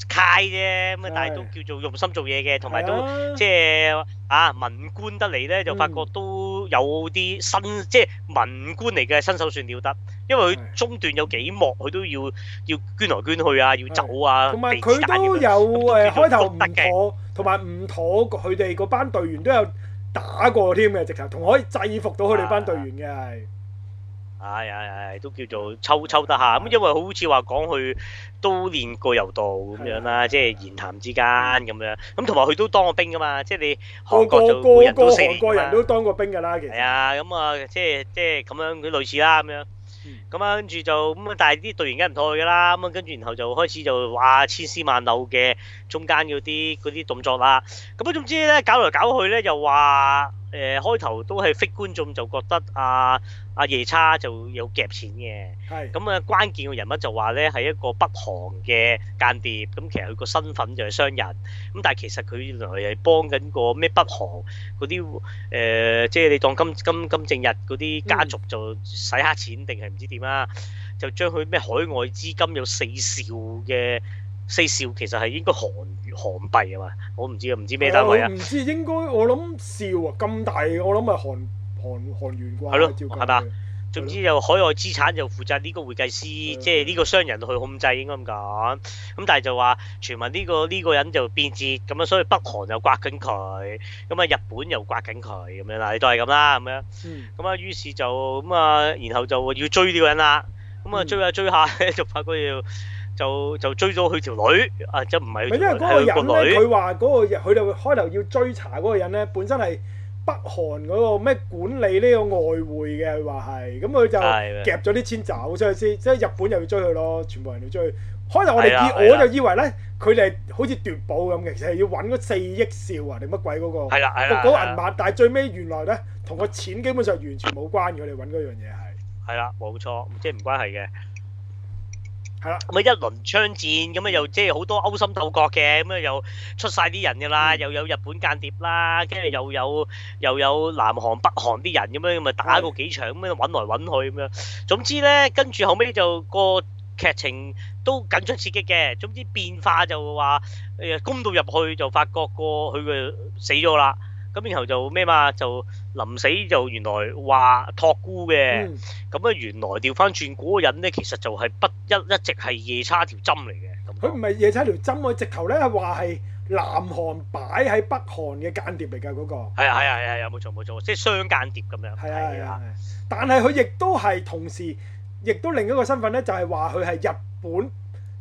楷啫，咁啊，但係都叫做用心做嘢嘅，同埋都即係啊，文官得嚟咧，就發覺都有啲新，嗯、即係文官嚟嘅新手算了得，因為佢中段有幾幕佢都要要捐來捐去啊，要走啊，同埋佢都有啊，開頭唔妥，同埋唔妥，佢哋嗰班隊員都有打過添嘅，直頭同可以制服到佢哋班隊員嘅，係。係係係，都叫做抽抽得下咁，因為好似話講佢都練過柔道咁樣啦，的即係言談之間咁的樣。咁同埋佢都當過兵噶嘛，嗯、即係你韓國就各個 每人都個韓國人都當過兵噶啦。其實係啊，咁、嗯、啊，即係即係咁樣佢類似啦咁樣。咁啊、嗯，跟住就咁啊，但係啲隊員梗係唔妥佢噶啦。咁啊，跟住然後就開始就話千絲萬縷嘅中間嗰啲嗰啲動作啦。咁啊，總之咧搞嚟搞去咧又話。又誒、呃、開頭都係逼觀眾就覺得啊啊夜叉就有夾錢嘅，咁啊的、嗯、關鍵嘅人物就話咧係一個北韓嘅間諜，咁、嗯、其實佢個身份就係商人，咁但係其實佢原來係幫緊個咩北韓嗰啲誒，即係你當金金金正日嗰啲家族就洗黑錢定係唔知點啊，就將佢咩海外資金有四兆嘅。四兆其實係應該韓韓幣啊嘛，我唔知啊，唔知咩單位啊？唔知應該我諗兆啊咁大，我諗係韓韓韓元啩係咯，係嘛了？總之就海外資產就負責呢個會計師，了即係呢個商人去控制應該咁講。咁但係就話傳聞呢、呢個呢、呢個人就變節咁啊，所以北韓又刮緊佢，咁啊日本又刮緊佢咁樣啦，都係咁啦咁樣。咁啊、嗯、於是就咁啊，然後，然後就要追呢個人啦。咁啊追下追下咧，就發覺要。 就就追咗佢條女啊！即唔係？因為嗰個人咧，佢話嗰日，佢哋開頭要追查嗰個人咧，本身係北韓嗰個咩管理呢個外匯嘅，佢話係咁，佢就夾咗啲錢走咗去先，即係日本又要追佢咯，全部人要追。開頭我哋見我就以為咧，佢哋好似奪寶咁嘅，其實係要揾嗰四億兆啊定乜鬼嗰個？係啦係啦，嗰銀碼。但係最尾原來咧，同個錢基本上完全冇關嘅，你揾嗰樣嘢係。係啦，冇錯，即係唔關係嘅。係啦，咁啊一輪槍戰，咁啊又即係好多勾心鬥角嘅，咁啊又出晒啲人㗎啦，又有日本間諜啦，跟住又有又有南韓北韓啲人咁樣，咁咪打過幾場，咁樣揾來揾去咁樣。總之咧，跟住後尾就個劇情都緊張刺激嘅。總之變化就話誒攻到入去就發覺個佢嘅死咗啦。咁然後就咩嘛？就臨死就原來話託孤嘅，咁啊、嗯、原來調翻轉嗰個人咧，其實就係不一一直係夜叉條針嚟嘅。佢唔係夜叉條針，佢直頭咧話係南韓擺喺北韓嘅間諜嚟㗎嗰個。係啊，係啊，係啊，冇錯，冇錯，即係雙間諜咁樣。係啊，係啊，啊、啊、啊但係佢亦都係同時，亦都另一個身份咧，就係話佢係日本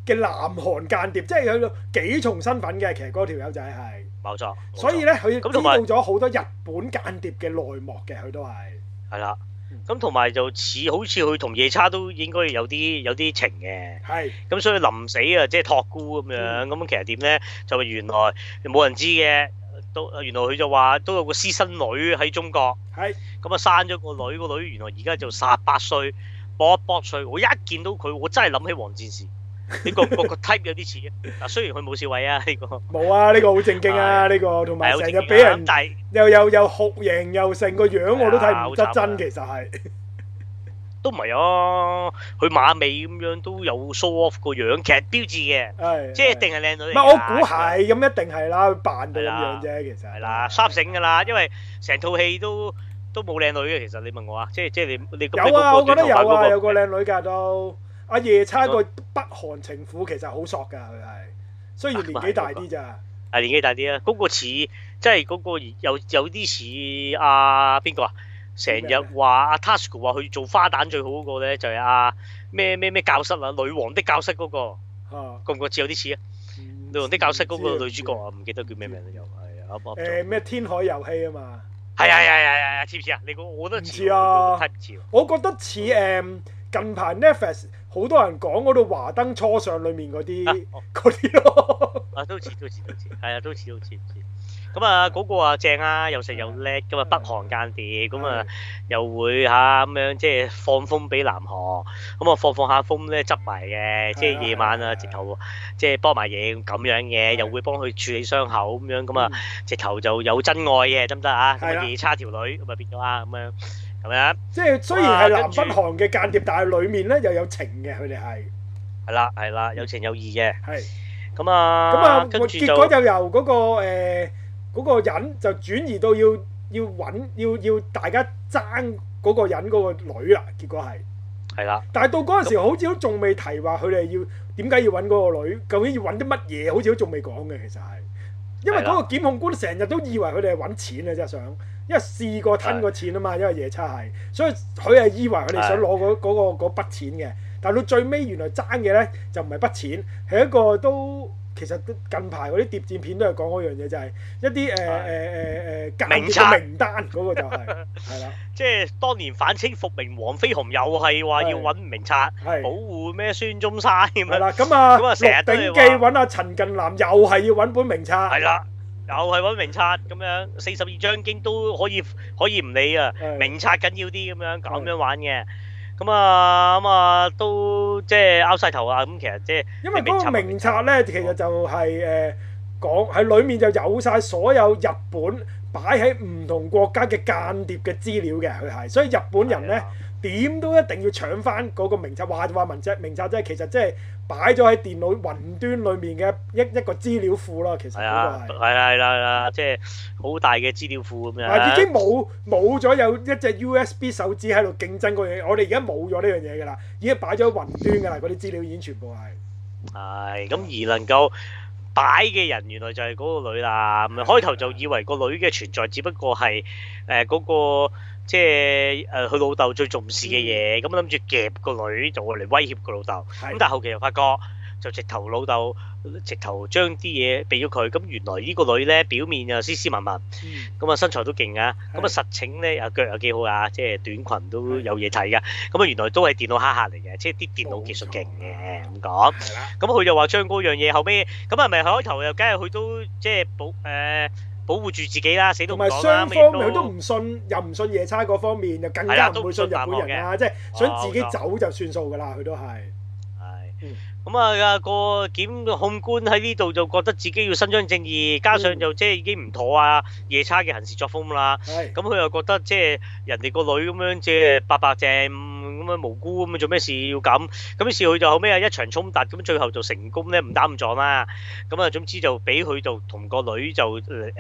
嘅南韓間諜，即係佢幾重身份嘅。其實嗰條友仔係。冇錯，所以咧佢知道咗好多日本間諜嘅內幕嘅，佢都係。係啦，咁同埋就似好似佢同夜叉都應該有啲有啲情嘅。係是。咁所以臨死啊，即、就、係、是、託孤咁樣，咁、嗯、其實點咧？就原來冇人知嘅，都原來佢就話都有個私生女喺中國。係是。咁啊，生咗個女，個女原來而家就三十八歲，搏一搏歲，我一見到佢，我真係諗起黃戰士。呢個個個 type 有啲似嘅，嗱雖然佢冇笑位啊呢個，冇啊呢個好正經啊呢個，同埋成日俾人又又又酷型又成個樣，我都睇唔得真，其實係都唔係啊，佢馬尾咁樣都有 show off 個樣，其實標誌嘅，即係一定係靚女嚟。唔係我估係，咁一定係啦，扮到咁樣啫，其實係啦，sharp 醒噶啦，因為成套戲都都冇靚女嘅，其實你問我啊，即即係你你有啊，我覺得有啊，有個靚女㗎都。阿夜叉個北韓情婦其實好索㗎，佢係雖然年紀大啲咋，係年紀大啲啊。嗰個似即係嗰個有有啲似阿邊個啊？成日話阿 Tasuku 話佢做花旦最好嗰個咧，就係阿咩咩咩教室啊，女王的教室嗰個覺唔覺得似有啲似啊？女王的教室嗰個女主角啊，唔記得叫咩名啦，又係阿阿誒咩天海祐希啊嘛，係係係係係，似唔似啊？你我我都唔似啊，我覺得似誒近排 Netflix 好多人講嗰度華燈初上裏面嗰啲嗰啲咯，啊都似都似都似，係啊都似都似咁啊嗰個啊正啊，又食又叻咁啊，北韓間諜咁啊，又會嚇咁樣即係放風俾南韓，咁啊放放下風咧執埋嘅，即係夜晚啊直頭即係幫埋嘢咁樣嘅，又會幫佢處理傷口咁樣咁啊，直頭就有真愛嘅得唔得啊？咁夜叉條女咁啊變咗啊咁樣。即係雖然係南北韓嘅間諜，啊、但係裏面咧又有情嘅，佢哋係，係啦係啦，有情有義嘅。係咁啊咁啊，結果就由嗰、嗰個誒嗰、呃嗰個人就轉移到要要揾要要大家爭嗰個人嗰個女啦。結果係，係啦，了但係到嗰陣時好似都仲未提話佢哋要點解要揾嗰個女，究竟要揾啲乜嘢？好似都仲未講嘅。其實係因為嗰個檢控官成日都以為佢哋係揾錢啊，真係想。因為試過吞過錢啊嘛，因為夜叉係，所以佢係以為佢哋想攞嗰嗰個筆錢嘅，但到最尾原來爭嘅呢，就唔係筆錢，係一個，都其實近排嗰啲諜戰片都係講嗰樣嘢，就係一啲誒誒誒誒名冊名單嗰個就係，係啦，即係當年反清復明黃飛鴻又係話要揾名冊保護咩孫中山咁樣，咁啊，鼎記揾阿陳近南又係要揾本名冊，係啦。又係搵名冊咁樣，四十二章經都可以可以唔理啊，名冊緊要啲咁樣咁樣玩嘅。咁啊咁啊都即係拗晒頭啊！咁其實即係因為嗰個名冊咧，其實就係誒講喺裡面就有晒所有日本擺喺唔同國家嘅間諜嘅資料嘅，佢係所以日本人咧。點都一定要搶翻嗰個名冊，話就話名冊名冊啫，其實即係擺咗喺電腦雲端裡面嘅一一個資料庫咯。其實係啊，係啊，係啦，即係好大嘅資料庫咁樣、啊。已經冇冇咗有一隻 USB 手指喺度競爭嗰樣嘢，我哋而家冇咗呢樣嘢㗎啦，已經擺咗喺雲端㗎啦，嗰啲資料已經全部係。係咁而能夠擺嘅人，原來就係嗰個女啦。唔係的的開頭就以為個女嘅存在，只不過係誒嗰個，即係誒，佢老豆最重視嘅嘢，咁啊諗住夾個女就做嚟威脅個老豆。咁的但係後期又發覺，就直頭老豆直頭將啲嘢俾咗佢。咁原來呢個女咧表面就斯斯文文，咁啊、嗯、身材都勁㗎。咁啊的實情咧啊腳又幾好㗎，即係短裙都有嘢睇㗎。咁啊的原來都係電腦黑客嚟嘅，即係啲電腦技術勁嘅咁講。咁佢又話將嗰樣嘢後尾，咁係咪開頭又梗係佢都即係保誒。保護住自己啦，死都唔講啦。雙方佢都唔信，又唔信夜叉嗰方面，就更加唔會信日本人嘅、啊，即係想自己走就算數噶啦，佢都係。係。咁啊的，嗯、個檢控官喺呢度就覺得自己要伸張正義，嗯、加上就即係已經唔妥啊夜叉嘅行事作風啦。咁佢的、嗯、又覺得即係、就是、人哋個女咁樣，即係白白淨，的無辜咁做咩事要咁？咁於是佢就後尾啊一場衝突，咁最後就成功咧唔打唔撞啦。咁啊總之就俾佢就同個女就誒誒誒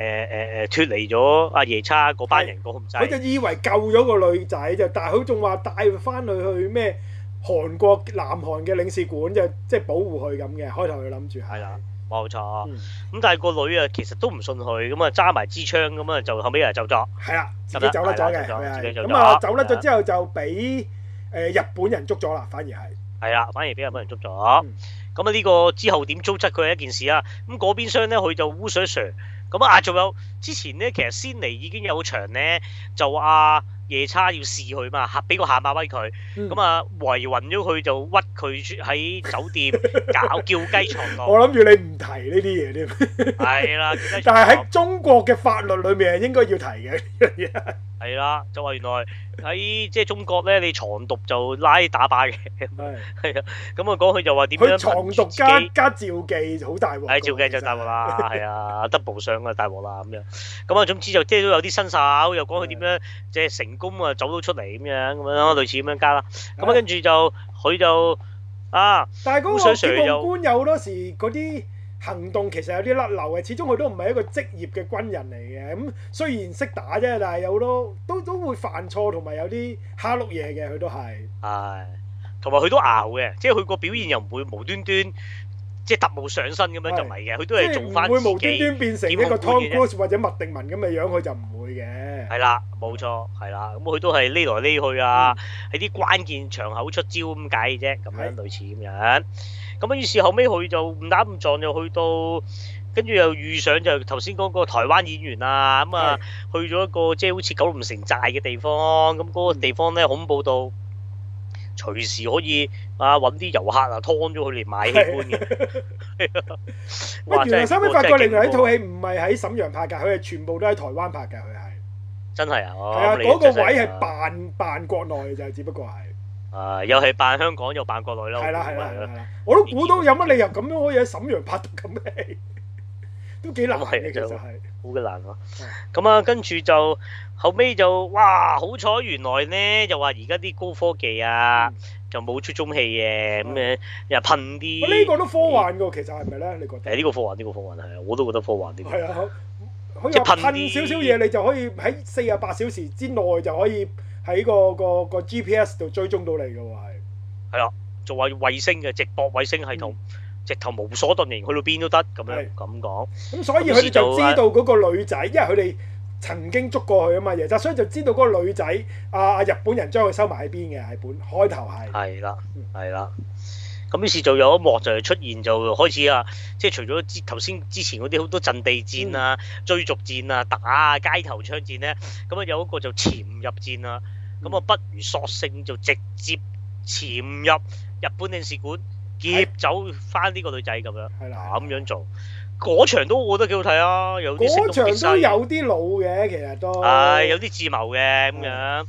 脫離咗阿夜叉嗰班人嗰咁濟。佢的就以為救咗個女仔就，但係佢仲話帶翻佢去咩韓國南韓嘅領事館，就即係保護佢咁嘅。開頭佢諗住係啦冇錯。咁、嗯、但係個女啊其實都唔信佢，咁啊揸埋支槍，咁啊就後尾啊走咗。係啦，自己走甩咗嘅，咁啊走甩咗之後就俾。呃、日本人捉咗啦，反而係係啦，反而俾日本人捉咗。咁啊呢個之後點租出佢係一件事啦，啊。咁嗰邊廂呢，佢就污水蛇。咁啊，仲有之前呢，其實先嚟已經有場呢，就啊。夜叉要試佢嘛，俾個下馬威佢。咁啊，圍暈咗佢就屈佢喺酒店搞叫雞藏毒。我諗住你唔提呢啲嘢添。係啦，但係喺中國嘅法律裏面應該要提嘅。係啦，就話原來喺即係中國咧，你藏毒就拉打靶嘅。係啊，咁啊講佢就話點樣藏毒加加召妓就好大鑊。係召妓就大鑊啦，係啊，double 上啊，大鑊啦咁樣。咁啊，總之就即係都有啲新手又講佢點樣即係成。咁啊，走到出嚟咁樣咁樣咯，類似咁樣加啦。咁啊，跟住就佢就啊，烏索爾又官有好多時嗰啲行動其實有啲甩流嘅，始終佢都唔係一個職業嘅軍人嚟嘅。咁雖然識打啫，但係有好多都都會犯錯，同埋有啲蝦碌嘢嘅，佢都係。係、哎，同埋佢都熬嘅，即係佢個表現又唔會無端端。即係特務上身咁樣就唔係嘅，佢是都係做翻佢自己，唔會無端端變成一個湯告魯斯或者麥定文咁嘅樣，佢就唔會嘅。係啦，冇錯，係啦，咁佢都係匿來匿去啊，喺啲、嗯、關鍵場口出招咁解嘅啫，咁樣的類似咁樣。咁啊，於是後尾，佢就唔打唔撞就去到，跟住又遇上就頭先嗰個台灣演員啊，咁啊的去咗一個即係、就是、好似九龍城寨嘅地方，咁、那、嗰個地方咧恐怖到。隨時可以啊揾啲遊客啊劏咗佢嚟賣器官。嘅，乜原來收尾發覺原來呢套戲唔係喺沈陽拍㗎，佢係全部都喺台灣拍㗎，佢係真係啊！係啊，嗰個位係扮扮國內嘅就，只不過係誒又係扮香港又扮國內咯，係啦係啦係啦，我都估到有乜理由咁樣可以喺沈陽拍到咁嘅戲，都幾難嘅其實係。好嘅難咯，咁啊、嗯，嗯、跟住就後尾就哇，好彩原來咧就話而家啲高科技啊，就冇出中器嘅、啊，咁樣又噴啲。呢、嗯啊這個都科幻噶，其實係咪咧？你覺得？誒，呢個科幻，呢、這個科幻係啊，我都覺得科幻啲。係啊的，好，即係噴少少嘢，你就可以喺四十八小時之內就可以喺、這個、這個、這個 GPS 度追蹤到你噶喎，係。係啊，做衛衛星嘅直播衛星系統。嗯直頭無所遁形，去到邊都得咁樣咁講。咁的所以佢就知道嗰個女仔，的因為佢哋曾經捉過去啊嘛，亦就所以就知道嗰個女仔阿、啊、日本人將佢收埋喺邊嘅。喺本開頭係係啦，係啦。咁於是就有一幕就出現，就開始啊，即係除咗之頭先之前嗰啲好多陣地戰啊、嗯、追逐戰啊、打啊、街頭槍戰咧，咁啊有一個就潛入戰啊。咁啊不如索性就直接潛入日本領事館。劫走翻呢個女仔咁樣，咁的樣做，嗰場都我覺得幾好睇啊！有嗰場都有啲老嘅，其實都係、啊、有啲自謀嘅咁、嗯、樣。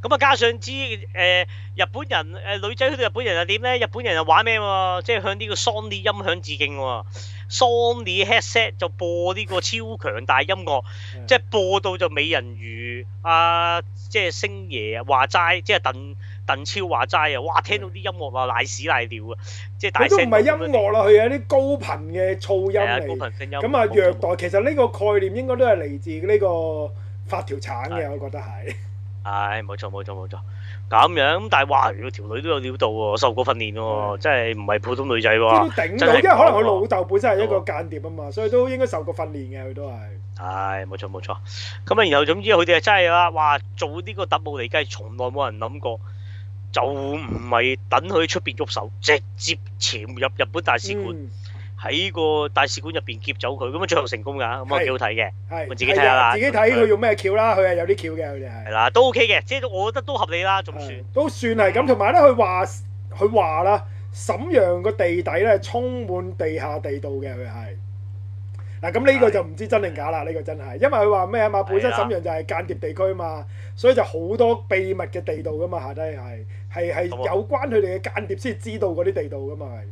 咁啊，加上之誒、呃、日本人誒、呃、女仔去到日本人又點咧？日本人又玩咩喎、啊？即係向呢個 Sony 音響致敬喎、啊、Sony headset 就播呢個超強大音樂，嗯、即係播到就美人魚啊、呃，即係星爺話齋，即係鄧。鄧超話齋啊！哇，聽到啲音樂啊，瀨屎瀨尿啊，即係大聲，都唔係音樂啦，佢有啲高頻嘅噪音，高頻聲音。咁啊，虐待錯其實呢個概念應該都係嚟自呢個發條橙嘅，哎、我覺得係。係冇錯冇錯冇錯，咁樣咁但係哇，條女都有料到喎，受過訓練喎，嗯、真係唔係普通女仔喎。都頂到，因為可能佢老豆本身係一個間諜啊嘛，所以都應該受過訓練嘅，佢都係。係冇錯冇錯，咁啊，錯然後總之佢哋啊真係啦，哇，做呢個特務嚟嘅，從來冇人諗過。就唔係等佢出邊喐手，直接潛入日本大使館，喺個大使館入邊劫走佢，咁樣最後成功㗎，咁樣幾好睇嘅。係，我自己睇下啦。自己睇佢用咩橋啦？佢係有啲橋嘅，佢哋係。係啦，都 OK 嘅，即係我覺得都合理啦，總算。都算係咁，同埋咧，佢話佢話啦，沈陽個地底咧充滿地下地道嘅，佢係。嗱咁呢個就唔知真定假啦，呢個真係，因為佢話咩啊嘛，本身沈陽就係間諜地區啊嘛，所以就好多秘密嘅地道噶嘛，下底係。係係有關佢哋嘅間諜先知道嗰啲地道㗎嘛，係。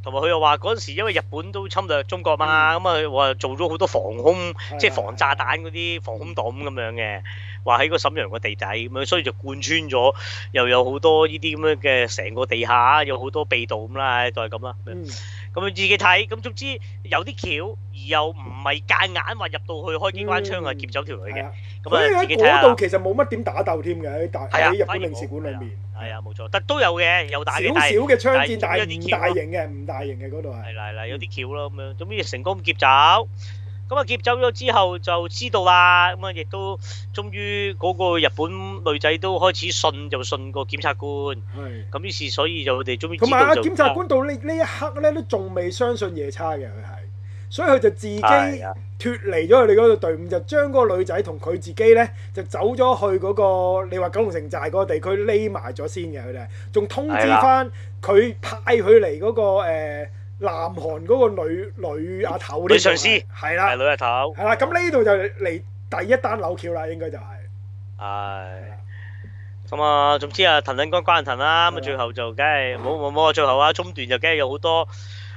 同埋佢又話嗰陣時因為日本都侵略中國嘛，咁啊話做咗好多防空，即係防炸彈嗰啲防空洞咁樣嘅。話喺個沈陽個地底咁樣，所以就貫穿咗，又有好多呢啲咁樣嘅成個地下有好多秘道咁啦，就係咁啦。咁佢自己睇，咁總之有啲橋，而又唔係間硬話入到去開機關槍啊劫走條女嘅。佢喺嗰度其實冇乜點打鬥添嘅，喺大喺日本領事館裏面。係啊，冇、哎、錯，但都有嘅，有大啲，少少嘅槍戰，大有大型嘅，唔大型嘅嗰度係。係啦，啦有啲橋咯咁樣，咁於、嗯、成功劫走。咁啊劫走咗之後就知道啦，咁啊亦都終於嗰個日本女仔都開始信，就信個檢察官。咁的於是所以我就我哋終於同埋啊，檢察官到呢呢一刻咧，都仲未相信夜叉嘅佢係。所以佢就自己脱離咗佢哋嗰個隊伍，就將嗰個女仔同佢自己呢，就走咗去嗰個你話九龍城寨嗰個地區匿埋咗先嘅佢哋，仲通知翻佢派佢嚟嗰個誒南韓嗰個女女阿頭。女上司係啦，係女阿頭。係啦，咁呢度就嚟第一單扭橋啦，應該就係。係。咁啊，總之啊，騰騰關關騰啦，咁啊，最後就梗係冇冇冇最後啊，中段就梗係有好多。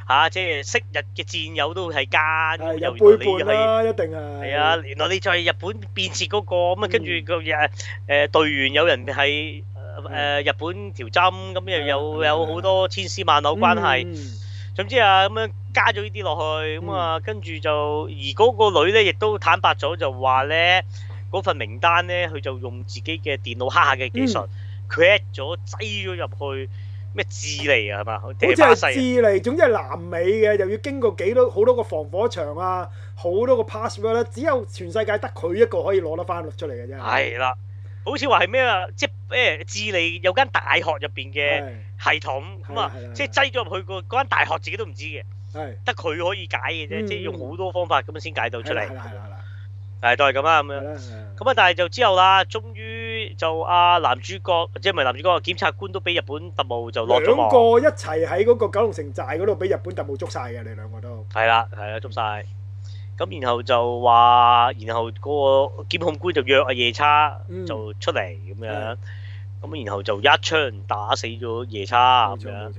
嚇、啊！即係昔日嘅戰友都係加，然後、嗯、你係，係啊！原來你喺日本變節嗰個咁啊，嗯、跟住個誒誒隊員有人係誒日本條針，咁、嗯嗯嗯、又有有好多千絲萬縷關係。嗯、總之啊，咁樣加咗呢啲落去，咁、嗯嗯、啊，跟住就而嗰個女咧，亦都坦白咗就話咧，嗰份名單咧，佢就用自己嘅電腦黑客嘅技術 cut 咗擠咗入去。咩智利啊，係嘛？好似係智利，總之係南美嘅，又要經過幾多好多個防火牆啊，好多個 password 咧，只有全世界得佢一個可以攞得翻出嚟嘅啫。係啦，好似話係咩啊？即係咩智利有間大學入邊嘅系統咁啊，即係擠咗入去個嗰間大學自己都唔知嘅，得佢可以解嘅啫，即係用好多方法咁樣先解到出嚟。係啦，係都係咁啦咁樣。咁啊，但係就之後啦，終於。就阿、啊、男主角，即係唔係男主角啊？檢察官都俾日本特務就落咗。兩個一齊喺嗰個九龍城寨嗰度，俾日本特務捉晒嘅，你兩個都。係啦、啊，係啦、啊，捉晒。咁然後就話，然後個檢控官就約阿夜叉、嗯、就出嚟咁樣。咁、嗯、然後就一槍打死咗夜叉咁錯樣。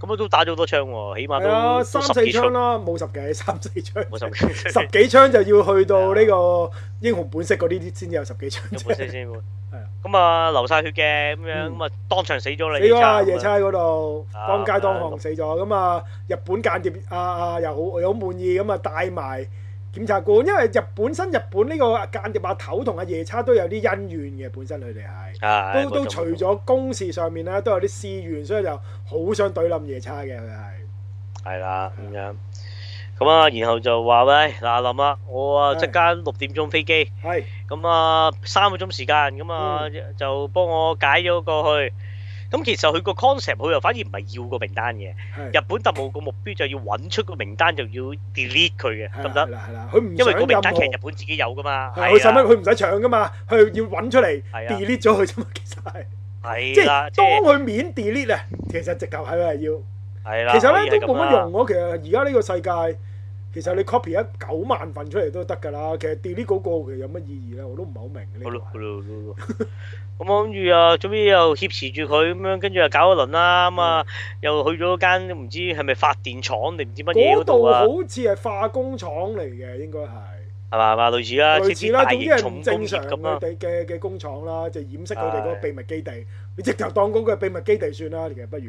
咁都打咗好多槍喎，起碼都三四槍啦，冇十幾三四槍十，三四槍，十幾，十幾槍就要去到呢個英雄本色嗰啲啲先有十幾槍本色先，本，係是啊，咁啊流晒血嘅咁樣，咁啊、嗯、當場死咗你死啊夜叉嗰度，當、啊、街當巷死咗，咁啊、嗯、日本間諜啊，啊又好又好滿意，咁啊帶埋。檢察官，因為日本身日本呢個間諜阿頭同阿夜叉都有啲恩怨嘅，本身佢哋係都都除咗公事上面啦，都有啲私怨，所以就好想對冧夜叉嘅佢係。係啦，咁樣咁啊，然後就話喂，嗱林啊，我啊即間六點鐘飛機，係咁啊三個鐘時間，咁啊就幫我解咗過去。咁其實佢個 concept，佢又反而唔係要個名單嘅，日本特務個目標就係要揾出個名單，就要 delete 佢嘅，得唔得？係啦係啦，佢唔因為個名單其實日本自己有㗎嘛，係佢使乜佢唔使搶㗎嘛，佢要揾出嚟 delete 咗佢啫嘛，其實係係即係當佢面 delete 啊，其實直頭係咪要？係啦，其實咧都冇乜用喎，其實而家呢個世界。其實你 copy 一九萬份出嚟都得㗎啦，其實 delete 嗰個其實有乜意義咧？我都唔係好明呢個。咁啊，跟住啊，終於又挾持住佢咁樣，跟住又搞一輪啦，咁啊，又去咗間唔知係咪發電廠定唔知乜嘢嗰度啊？嗰度好似係化工廠嚟嘅，應該係係咪啊？類似啦，類似啦，啲嘢係唔正常嘅嘅嘅工廠啦，就掩飾佢哋個秘密基地，你直頭當嗰個秘密基地算啦，其實不如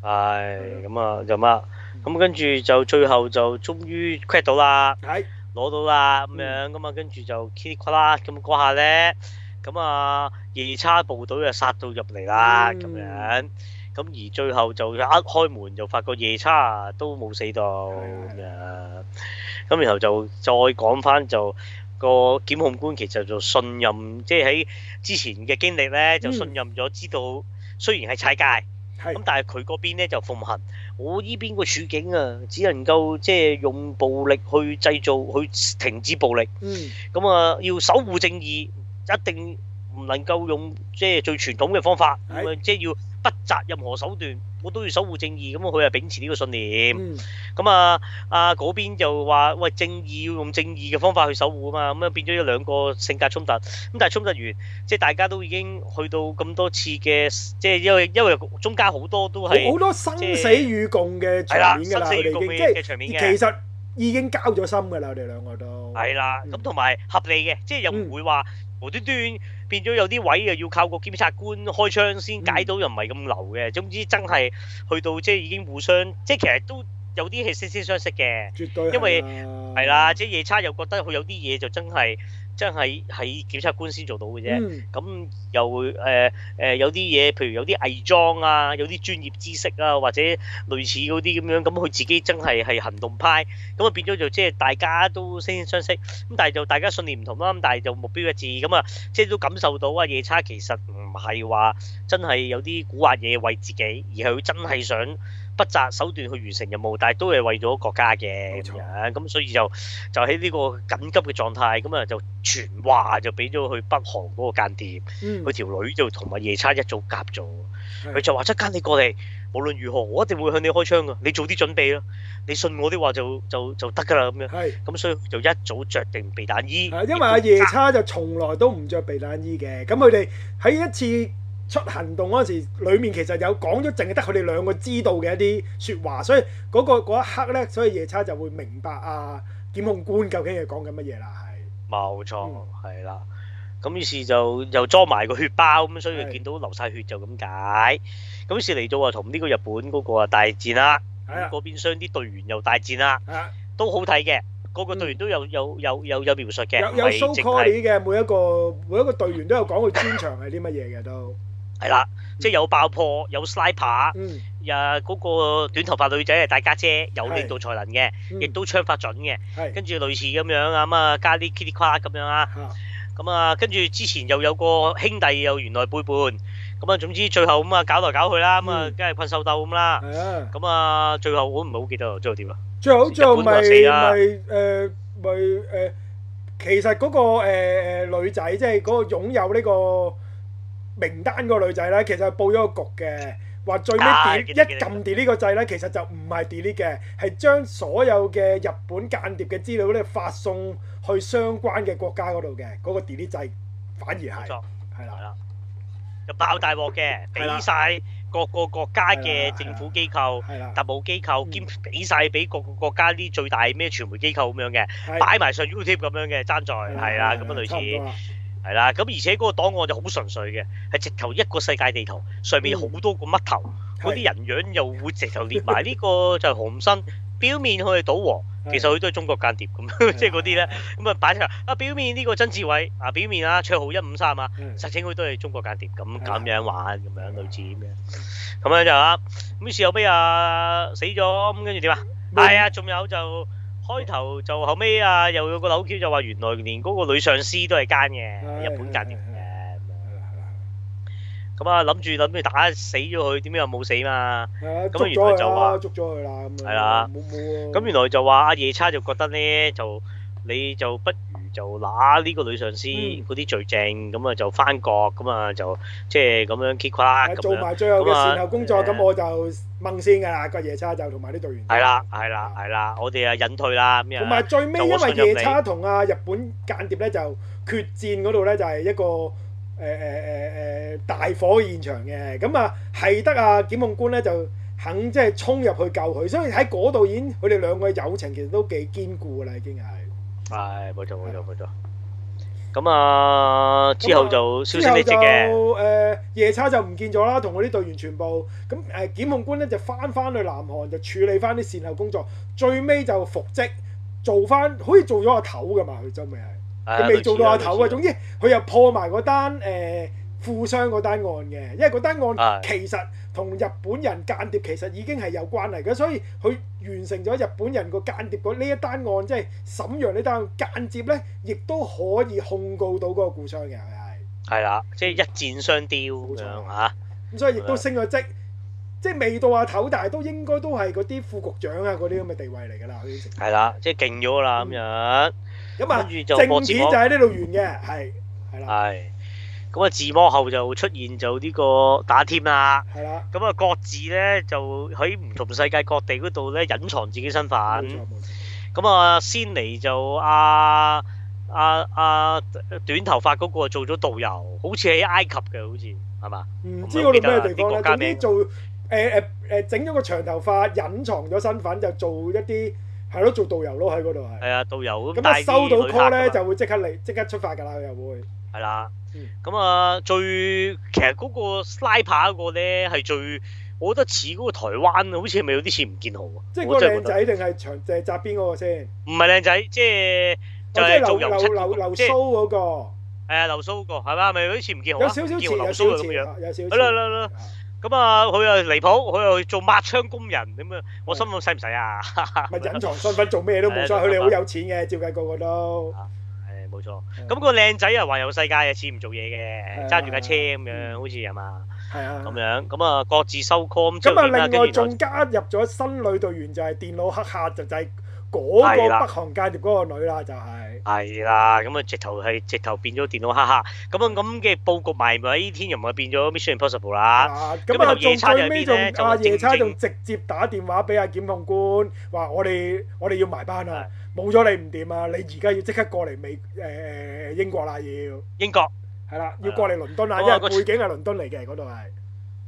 係咁啊，就乜？咁跟住就最後就終於 get 到啦，攞的到啦，咁樣咁啊，跟住就噼里啪啦咁嗰下咧，咁啊，夜叉部隊就殺到入嚟啦咁樣，咁而最後就一開門就發覺夜叉都冇死到咁的樣，咁然後就再講翻就、個檢控官其實就信任，即係喺之前嘅經歷咧就信任咗，知道的雖然係踩界。咁是但係佢嗰邊咧就奉行，我依邊個處境啊，只能夠即係用暴力去製造去停止暴力。嗯。咁啊，要守護正義，一定唔能夠用即係最傳統嘅方法，即係是要不擇任何手段。我都要守護正義，咁佢啊秉持呢個信念，咁、嗯、啊啊嗰邊就話喂，正義要用正義嘅方法去守護啊嘛，咁啊變咗有兩個性格衝突，咁但係衝突完，即係大家都已經去到咁多次嘅，即係因為因為中間好多都係好多生死與共嘅場面㗎啦，即係其實已經交咗心㗎啦，我哋兩個都係啦，咁同埋合理嘅，即係又唔會話、嗯。無端端變咗有啲位又要靠個檢察官開槍先解到，嗯、又唔係咁流嘅。總之真係去到即係已經互相，即、就、係、是、其實都有啲係惺惺相惜嘅。絕對，因為係啦，即係、啊就是、夜叉又覺得佢有啲嘢就真係。真係喺檢察官先做到嘅啫、嗯，咁又會誒有啲嘢，譬如有啲偽裝啊，有啲專業知識啊，或者類似嗰啲咁樣，咁佢自己真係係行動派，咁啊變咗就即係大家都惺惺相惜，咁但係就大家信念唔同啦，咁但係就目標一致，咁啊即係都感受到啊夜叉其實唔係話真係有啲蠱惑嘢為自己，而係佢真係想。不擇手段去完成任務，但係都係為咗國家嘅咁樣，咁所以就就喺呢個緊急嘅狀態，咁啊就傳話就俾咗去北韓嗰個間諜，佢條女就同埋夜叉一早夾咗，佢就話：即刻你過嚟，無論如何，我一定會向你開槍㗎，你早啲準備咯，你信我啲話就就就得㗎啦咁樣。係，咁所以就一早著定避彈衣。係，因為阿夜叉就從來都唔著避彈衣嘅，咁佢哋喺一次出行動嗰陣時，裡面其實有講咗，淨係得佢哋兩個知道嘅一啲説話，所以嗰、那個嗰一刻咧，所以夜叉就會明白啊，檢控官究竟係講緊乜嘢啦，係冇錯，係啦，咁於是就又裝埋個血包咁，所以佢見到流晒血就咁解。咁是於是嚟到啊，同呢個日本嗰個啊大戰啦，咁嗰、啊、邊傷啲隊員又大戰啦，啊、都好睇嘅，個個隊員都有有有有有描述嘅，有有 s h 嘅每一個每一個，每一個隊員都有講佢專長係啲乜嘢嘅都。係啦，即係有爆破，有 sniper，又嗰個短頭髮女仔係大家姐，有領導才能嘅，亦都槍法準嘅。跟住類似咁樣，咁啊加啲 Kitty Kwah 咁樣啊，咁啊跟住之前又有個兄弟又原來背叛，咁啊總之最後咁啊搞嚟搞去啦，咁啊梗係困獸鬥咁啦。咁啊最後我唔係好記得最後點啊。最後最後咪咪誒咪誒，其實嗰個誒誒女仔即係嗰個擁有呢個。名單個女仔咧，其實係報咗個局嘅，話最尾一撳 delete 呢個掣咧，其實就唔係 delete 嘅，係將所有嘅日本間諜嘅資料咧發送去相關嘅國家嗰度嘅，嗰個 delete 掣反而係，係啦，就爆大鑊嘅，俾晒各個國家嘅政府機構、特務機構兼俾晒俾各個國家啲最大咩傳媒機構咁樣嘅，擺埋上 YouTube 咁樣嘅爭在，係啦，咁樣類似。係啦，咁而且嗰個檔案就好純粹嘅，係直頭一個世界地圖上面好多個嘜頭，嗰啲人樣又會直頭列埋呢個就係洪生，表面佢係賭王，其實佢都係中國間諜咁，即係嗰啲咧，咁啊擺出嚟啊，表面呢個曾志偉啊，表面啊卓浩一五三啊，實情佢都係中國間諜，咁 咁、啊、樣玩咁樣，類似咁樣，咁樣就於啊，咁於是後尾啊死咗，咁跟住點啊？係、哎、啊，仲有就。開頭就後尾啊，又有個扭 Q 就話，原來連嗰個女上司都係奸嘅，哎哎哎哎哎日本間嘅咁啊，諗住諗住打死咗佢，點知又冇死嘛？咁、哎、呀原來就話捉咗係啦，咁、啊啊、原來就話阿夜叉就覺得呢，就你就不。就嗱呢個女上司嗰啲罪證，咁啊、嗯、就翻國咁啊就即係咁樣揭骨，咁樣做埋最後嘅善後工作，咁、嗯、我就掹先㗎啦！個、嗯、夜叉就同埋啲隊員隊，係啦，係啦，係啦，我哋啊隱退啦，同埋最尾因為夜叉同啊日本間諜咧就決戰嗰度咧就係一個誒誒誒誒大火現場嘅，咁啊係得啊檢控官咧就肯即係衝入去救佢，所以喺嗰度演佢哋兩個友情其實都幾堅固嘅啦，已經係。係冇錯冇錯冇錯，咁啊、哎的嗯、之後就消失匿跡嘅。誒、呃，夜叉就唔見咗啦，同我啲隊員全部。咁誒，檢、呃、控官咧就翻翻去南韓，就處理翻啲善後工作。最尾就復職，做翻，好似做咗個頭噶嘛，佢真係，佢未、哎、呀做到個頭啊。哎、總之，佢又破埋嗰單誒。呃富商嗰單案嘅，因為嗰單案其實同日本人間諜其實已經係有關嚟嘅，是的 所以佢完成咗日本人個間諜個呢一單案，即係沈陽呢單間諜咧，亦都可以控告到嗰個富商嘅，係係啦，即係一箭雙雕咁樣吓錯，咁的所以亦都升咗職，即係未到阿頭，大，都應該都係嗰啲副局長啊嗰啲咁嘅地位嚟㗎啦，佢係啦，即係勁咗啦咁樣、嗯，咁啊，政治就喺呢度完嘅，係係啦，係。咁啊，自摸後就出現就呢個打添啦。係啊的。咁啊，各自咧就喺唔同世界各地嗰度咧隱藏自己身份。咁啊，先嚟就啊，啊，阿、啊、短頭髮嗰個做咗導遊，好似喺埃及嘅好似係嘛？唔知嗰度咩地方咧？啲做誒誒誒整咗個長頭髮，隱藏咗身份，就做一啲係咯，做導遊咯喺嗰度係。係啊，導遊咁。咁一收到 call 咧，就會即刻嚟，即刻出發㗎啦，佢又會。係啦，咁啊，最其實嗰個 slider 嗰個咧係最，我覺得似嗰個台灣，好似係咪有啲似吳建豪啊？即係個靚仔定係長就係側邊嗰個先？唔係靚仔，即係就係做油頭、留留須嗰個。係啊，留須嗰個係嘛？咪好似吳建豪，啊？有少少似，有少少似。有啦，咁啊，佢又離譜，佢又做抹窗工人咁啊！我心諗使唔使啊？隱藏身份做咩都冇所謂，佢哋好有錢嘅，照計個個都。冇錯，咁個靚仔啊環遊世界啊，似唔做嘢嘅，揸住架車咁樣，好似係嘛，咁樣咁啊，各自收 call 咁啊，另外仲加入咗新女隊員就係電腦黑客，就就係嗰個北韓間諜嗰個女啦，就係係啦，咁啊直頭係直頭變咗電腦黑客，咁啊咁嘅佈局埋咪，依天又咪變咗 Mission Impossible 啦，咁啊仲最尾仲阿夜叉仲直接打電話俾阿檢控官，話我哋我哋要埋班啊。冇咗你唔掂啊！你而家要即刻過嚟美誒、呃、英國啦，要英國，係啦了，要過嚟倫敦啦，因為背景係倫敦嚟嘅，嗰度係。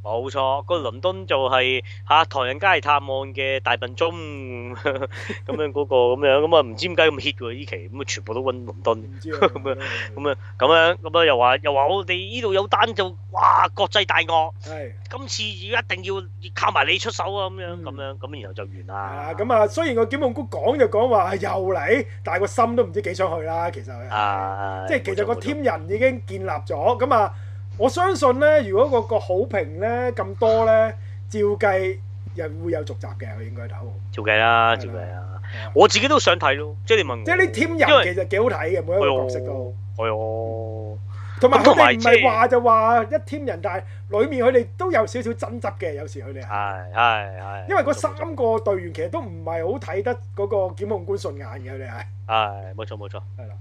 冇錯，個倫敦就係嚇唐人街探案嘅大笨鐘咁樣嗰個咁樣，咁啊唔知點解咁 hit 喎依期，咁啊全部都揾倫敦咁 樣，咁樣咁樣，咁啊又話又話我哋呢度有單就哇國際大鱷，係的今次要一定要靠埋你出手啊咁樣咁樣，咁、嗯、然後就完啦。咁啊，雖然個檢控局講就講話又嚟，但係個心都唔知幾想去啦，其實即係其實個 team 人已經建立咗咁啊。我相信咧，如果嗰個好評咧咁多咧，照計人會有續集嘅，應該都。照計啦，照計啦。我自己都想睇咯，即係你問即係你添人其實幾好睇嘅，每一個角色都。係哦。同埋佢哋唔係話就話一添人，但係裡面佢哋都有少少爭執嘅，有時佢哋係。係係。因為嗰三個隊員其實都唔係好睇得嗰個檢控官順眼嘅，佢哋係。係，冇錯冇錯。係啦，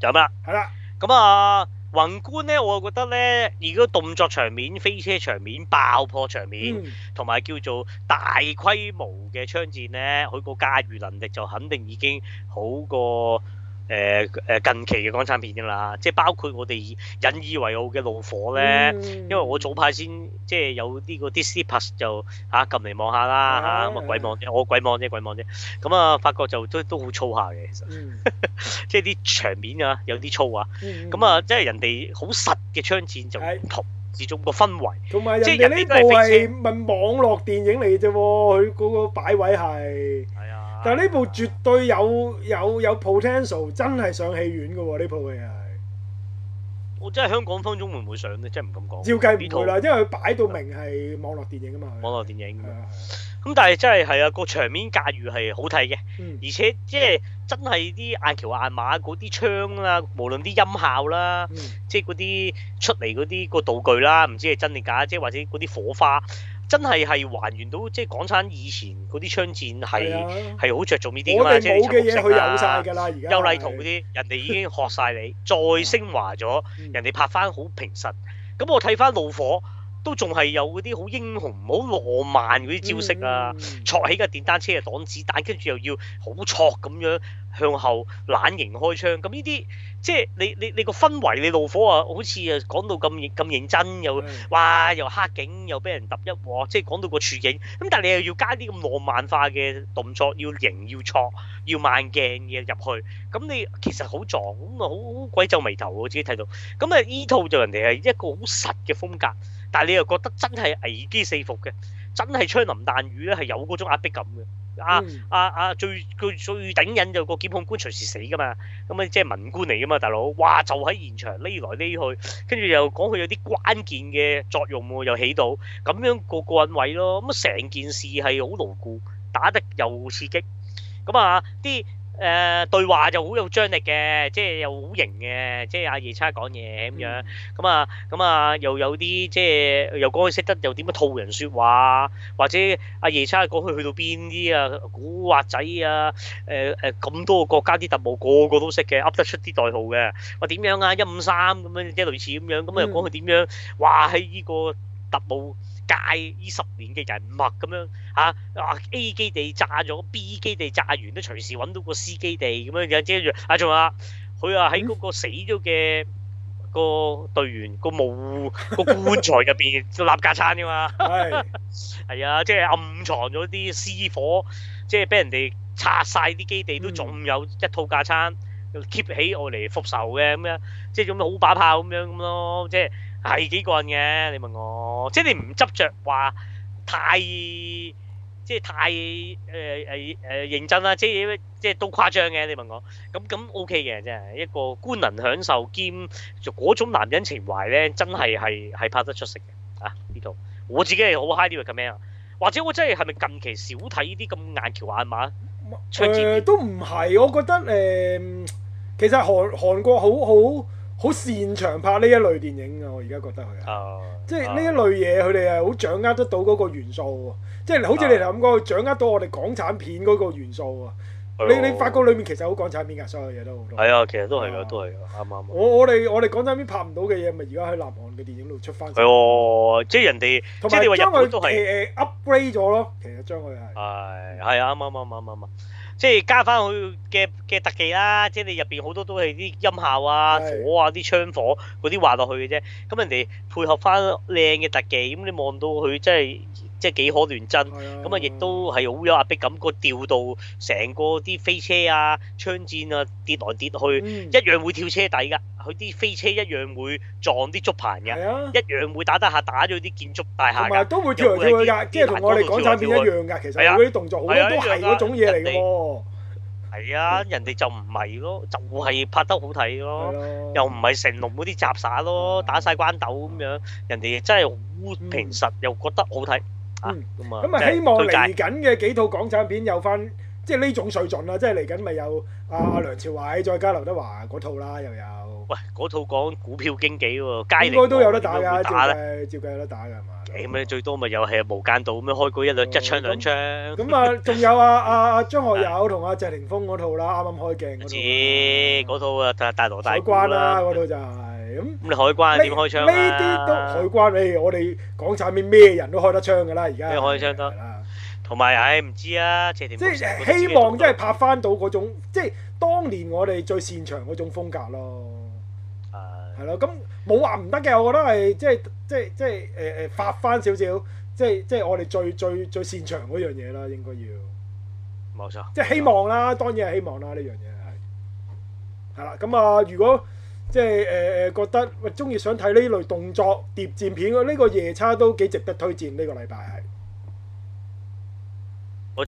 就咁啦。係啦，咁啊。宏觀咧，我覺得咧，如果動作場面、飛車場面、爆破場面，同埋、嗯、叫做大規模嘅槍戰咧，佢個駕馭能力就肯定已經好過誒誒近期嘅港產片㗎啦，即係包括我哋引以為傲嘅《怒火、嗯》咧，因為我早排先即係有啲嗰啲視頻就嚇撳嚟望下啦嚇，咁啊，啊，啊鬼望啫，我鬼望啫，鬼望啫，咁啊發覺就都都好粗下嘅，其實，嗯、 即係啲場面、嗯、啊，有啲粗啊，咁啊，即係人哋好實嘅槍戰就唔同，始終個氛圍，同埋即係人哋，部係咪網絡電影嚟啫？佢嗰個擺位係係啊。但呢部絕對有有有 potential，真係上戲院㗎喎呢部戲係。我真係香港分鐘會唔會上咧？真係唔敢講。照計唔會啦，部因為佢擺到明係網絡電影啊嘛。網絡電影。咁但係真係係啊，個場面駕馭係好睇嘅，嗯、而且即係真係啲硬橋硬馬嗰啲槍啦，無論啲音效啦，即係嗰啲出嚟嗰啲個道具啦，唔知係真定假，即係或者嗰啲火花。真係係還原到，即係講親以前嗰啲槍戰係係好着重呢啲㗎嘛，即係冇嘅嘢佢有曬㗎啦。優麗圖嗰啲 人哋已經學晒你，再升華咗， 嗯、人哋拍翻好平實。咁我睇翻《怒火》。都仲係有嗰啲好英雄、好浪漫嗰啲招式啊！駝、嗯嗯嗯、起架電單車嘅擋子彈，跟住又要好駝咁樣向後懶型開槍。咁呢啲即係你你你個氛圍，你怒火啊，好似啊講到咁咁認真又哇又黑警又俾人揼一鑊，即係講到個處境。咁但係你又要加啲咁浪漫化嘅動作，要型要駝要慢鏡嘅入去。咁你其實好撞咁啊，好好鬼皺眉頭。我自己睇到咁啊，依套就人哋係一個好實嘅風格。但係你又覺得真係危機四伏嘅，真係槍林彈雨咧，係有嗰種壓迫感嘅。嗯、啊啊啊！最佢最頂癮就個檢控官隨時死㗎嘛，咁啊即係文官嚟㗎嘛，大佬。哇！就喺現場匿來匿去，跟住又講佢有啲關鍵嘅作用喎，又起到咁樣個個位惠咯。咁啊，成件事係好牢固，打得又刺激。咁啊，啲。誒、呃、對話就好有張力嘅，即係又好型嘅，即係阿夜叉講嘢咁樣，咁啊咁啊又有啲即係又講佢識得又點樣套人說話或者阿夜叉講佢去到邊啲啊，古惑仔啊誒誒咁多個國家啲特務個，個個都識嘅，噏得出啲代號嘅，話點樣啊一五三咁樣即係類似咁樣，咁啊又講佢點樣，話喺呢個特務。界呢十年嘅人係密咁樣嚇啊，話 A 基地炸咗，B 基地炸完都隨時揾到個 C 基地咁樣嘅，即係跟住啊仲有佢啊喺嗰個死咗嘅個隊員個墓個棺材入邊就立架撐㗎嘛，係啊，即係暗藏咗啲私火，即係俾人哋拆晒啲基地都仲有一套架撐，keep 起我嚟復仇嘅咁樣，即係咁樣好把炮咁樣咁咯，即係。係幾過癮嘅，你問我，即係你唔執着話太即係太誒誒誒認真啦，即係即係都誇張嘅，你問我，咁咁 OK 嘅，即係一個官能享受兼嗰種男人情懷咧，真係係係拍得出色嘅啊！呢度我自己係好 high 啲喎，咁樣啊，或者我真係係咪近期少睇啲咁硬橋眼馬？誒、呃、都唔係，我覺得誒、呃，其實韓韓國好好。好擅長拍呢一類電影啊。我而家覺得佢，啊，即係呢一類嘢佢哋係好掌握得到嗰個元素喎，即係好似你頭咁講，掌握到我哋港產片嗰個元素啊。你你發覺裡面其實好港產片㗎，所有嘢都好多。係啊，其實都係㗎，都係㗎，啱啱。我我哋我哋港產片拍唔到嘅嘢，咪而家喺南韓嘅電影度出翻。係喎，即係人哋，同埋將佢哋 upgrade 咗咯，其實將佢哋。係係啊，啱啱啱啱啱。即係加翻佢嘅嘅特技啦，即係你入邊好多都係啲音效啊、火啊、啲槍火嗰啲畫落去嘅啫，咁人哋配合翻靚嘅特技，咁你望到佢真係。即係幾可亂真咁啊、嗯！亦都係好有壓迫感。個調度成個啲飛車啊、槍戰啊，跌來跌去，嗯、一樣會跳車底㗎。佢啲飛車一樣會撞啲竹棚㗎，嗯、一樣會打得下打咗啲建築大廈㗎，都會跳落即係我哋講一樣㗎，其實嗰啲動作好多係嗰種嘢嚟㗎喎。係啊、嗯嗯，人哋家、嗯、就唔係咯，就係、是、拍得好睇咯。嗯、又唔係成龍嗰啲雜耍咯，打晒關斗咁樣，人哋真係好平實，嗯、又覺得好睇。嗯，咁啊，希望嚟緊嘅幾套港產片有翻，即係呢種水準啦。即係嚟緊咪有阿、啊、梁朝偉再加劉德華嗰套啦，又有。喂，嗰套講股票經紀喎，街應該都有得打㗎，打照計，照計有得打㗎係嘛？咁樣個最多咪又係無間道咁樣開個一兩、嗯、一槍兩槍。咁、嗯、槍啊，仲有阿阿阿張學友同阿、啊、謝霆鋒嗰套啦，啱啱開鏡嗰套。嗰套啊大羅大關啦、啊、嗰套就。 咁咁，嗯、你海關點開槍呢、啊、啲都海關，誒，我哋港產片咩人都開得槍嘅啦、嗯，而家咩開槍得？同埋，唉，唔知啊，即係點？即係希望即係拍翻到嗰種，即係當年我哋最擅長嗰種風格咯。誒，係咯，咁冇話唔得嘅，我覺得係即係即係即係誒誒，拍翻少少，即係即係我哋最最最擅長嗰樣嘢啦，應該要冇沒錯。即係希望啦，沒錯 當然係希望啦，呢樣嘢係係啦。咁啊，如果即係誒誒覺得，喂、呃，鍾意想睇呢類動作諜戰片，呢、這個夜叉都幾值得推薦呢、這個禮拜。啊。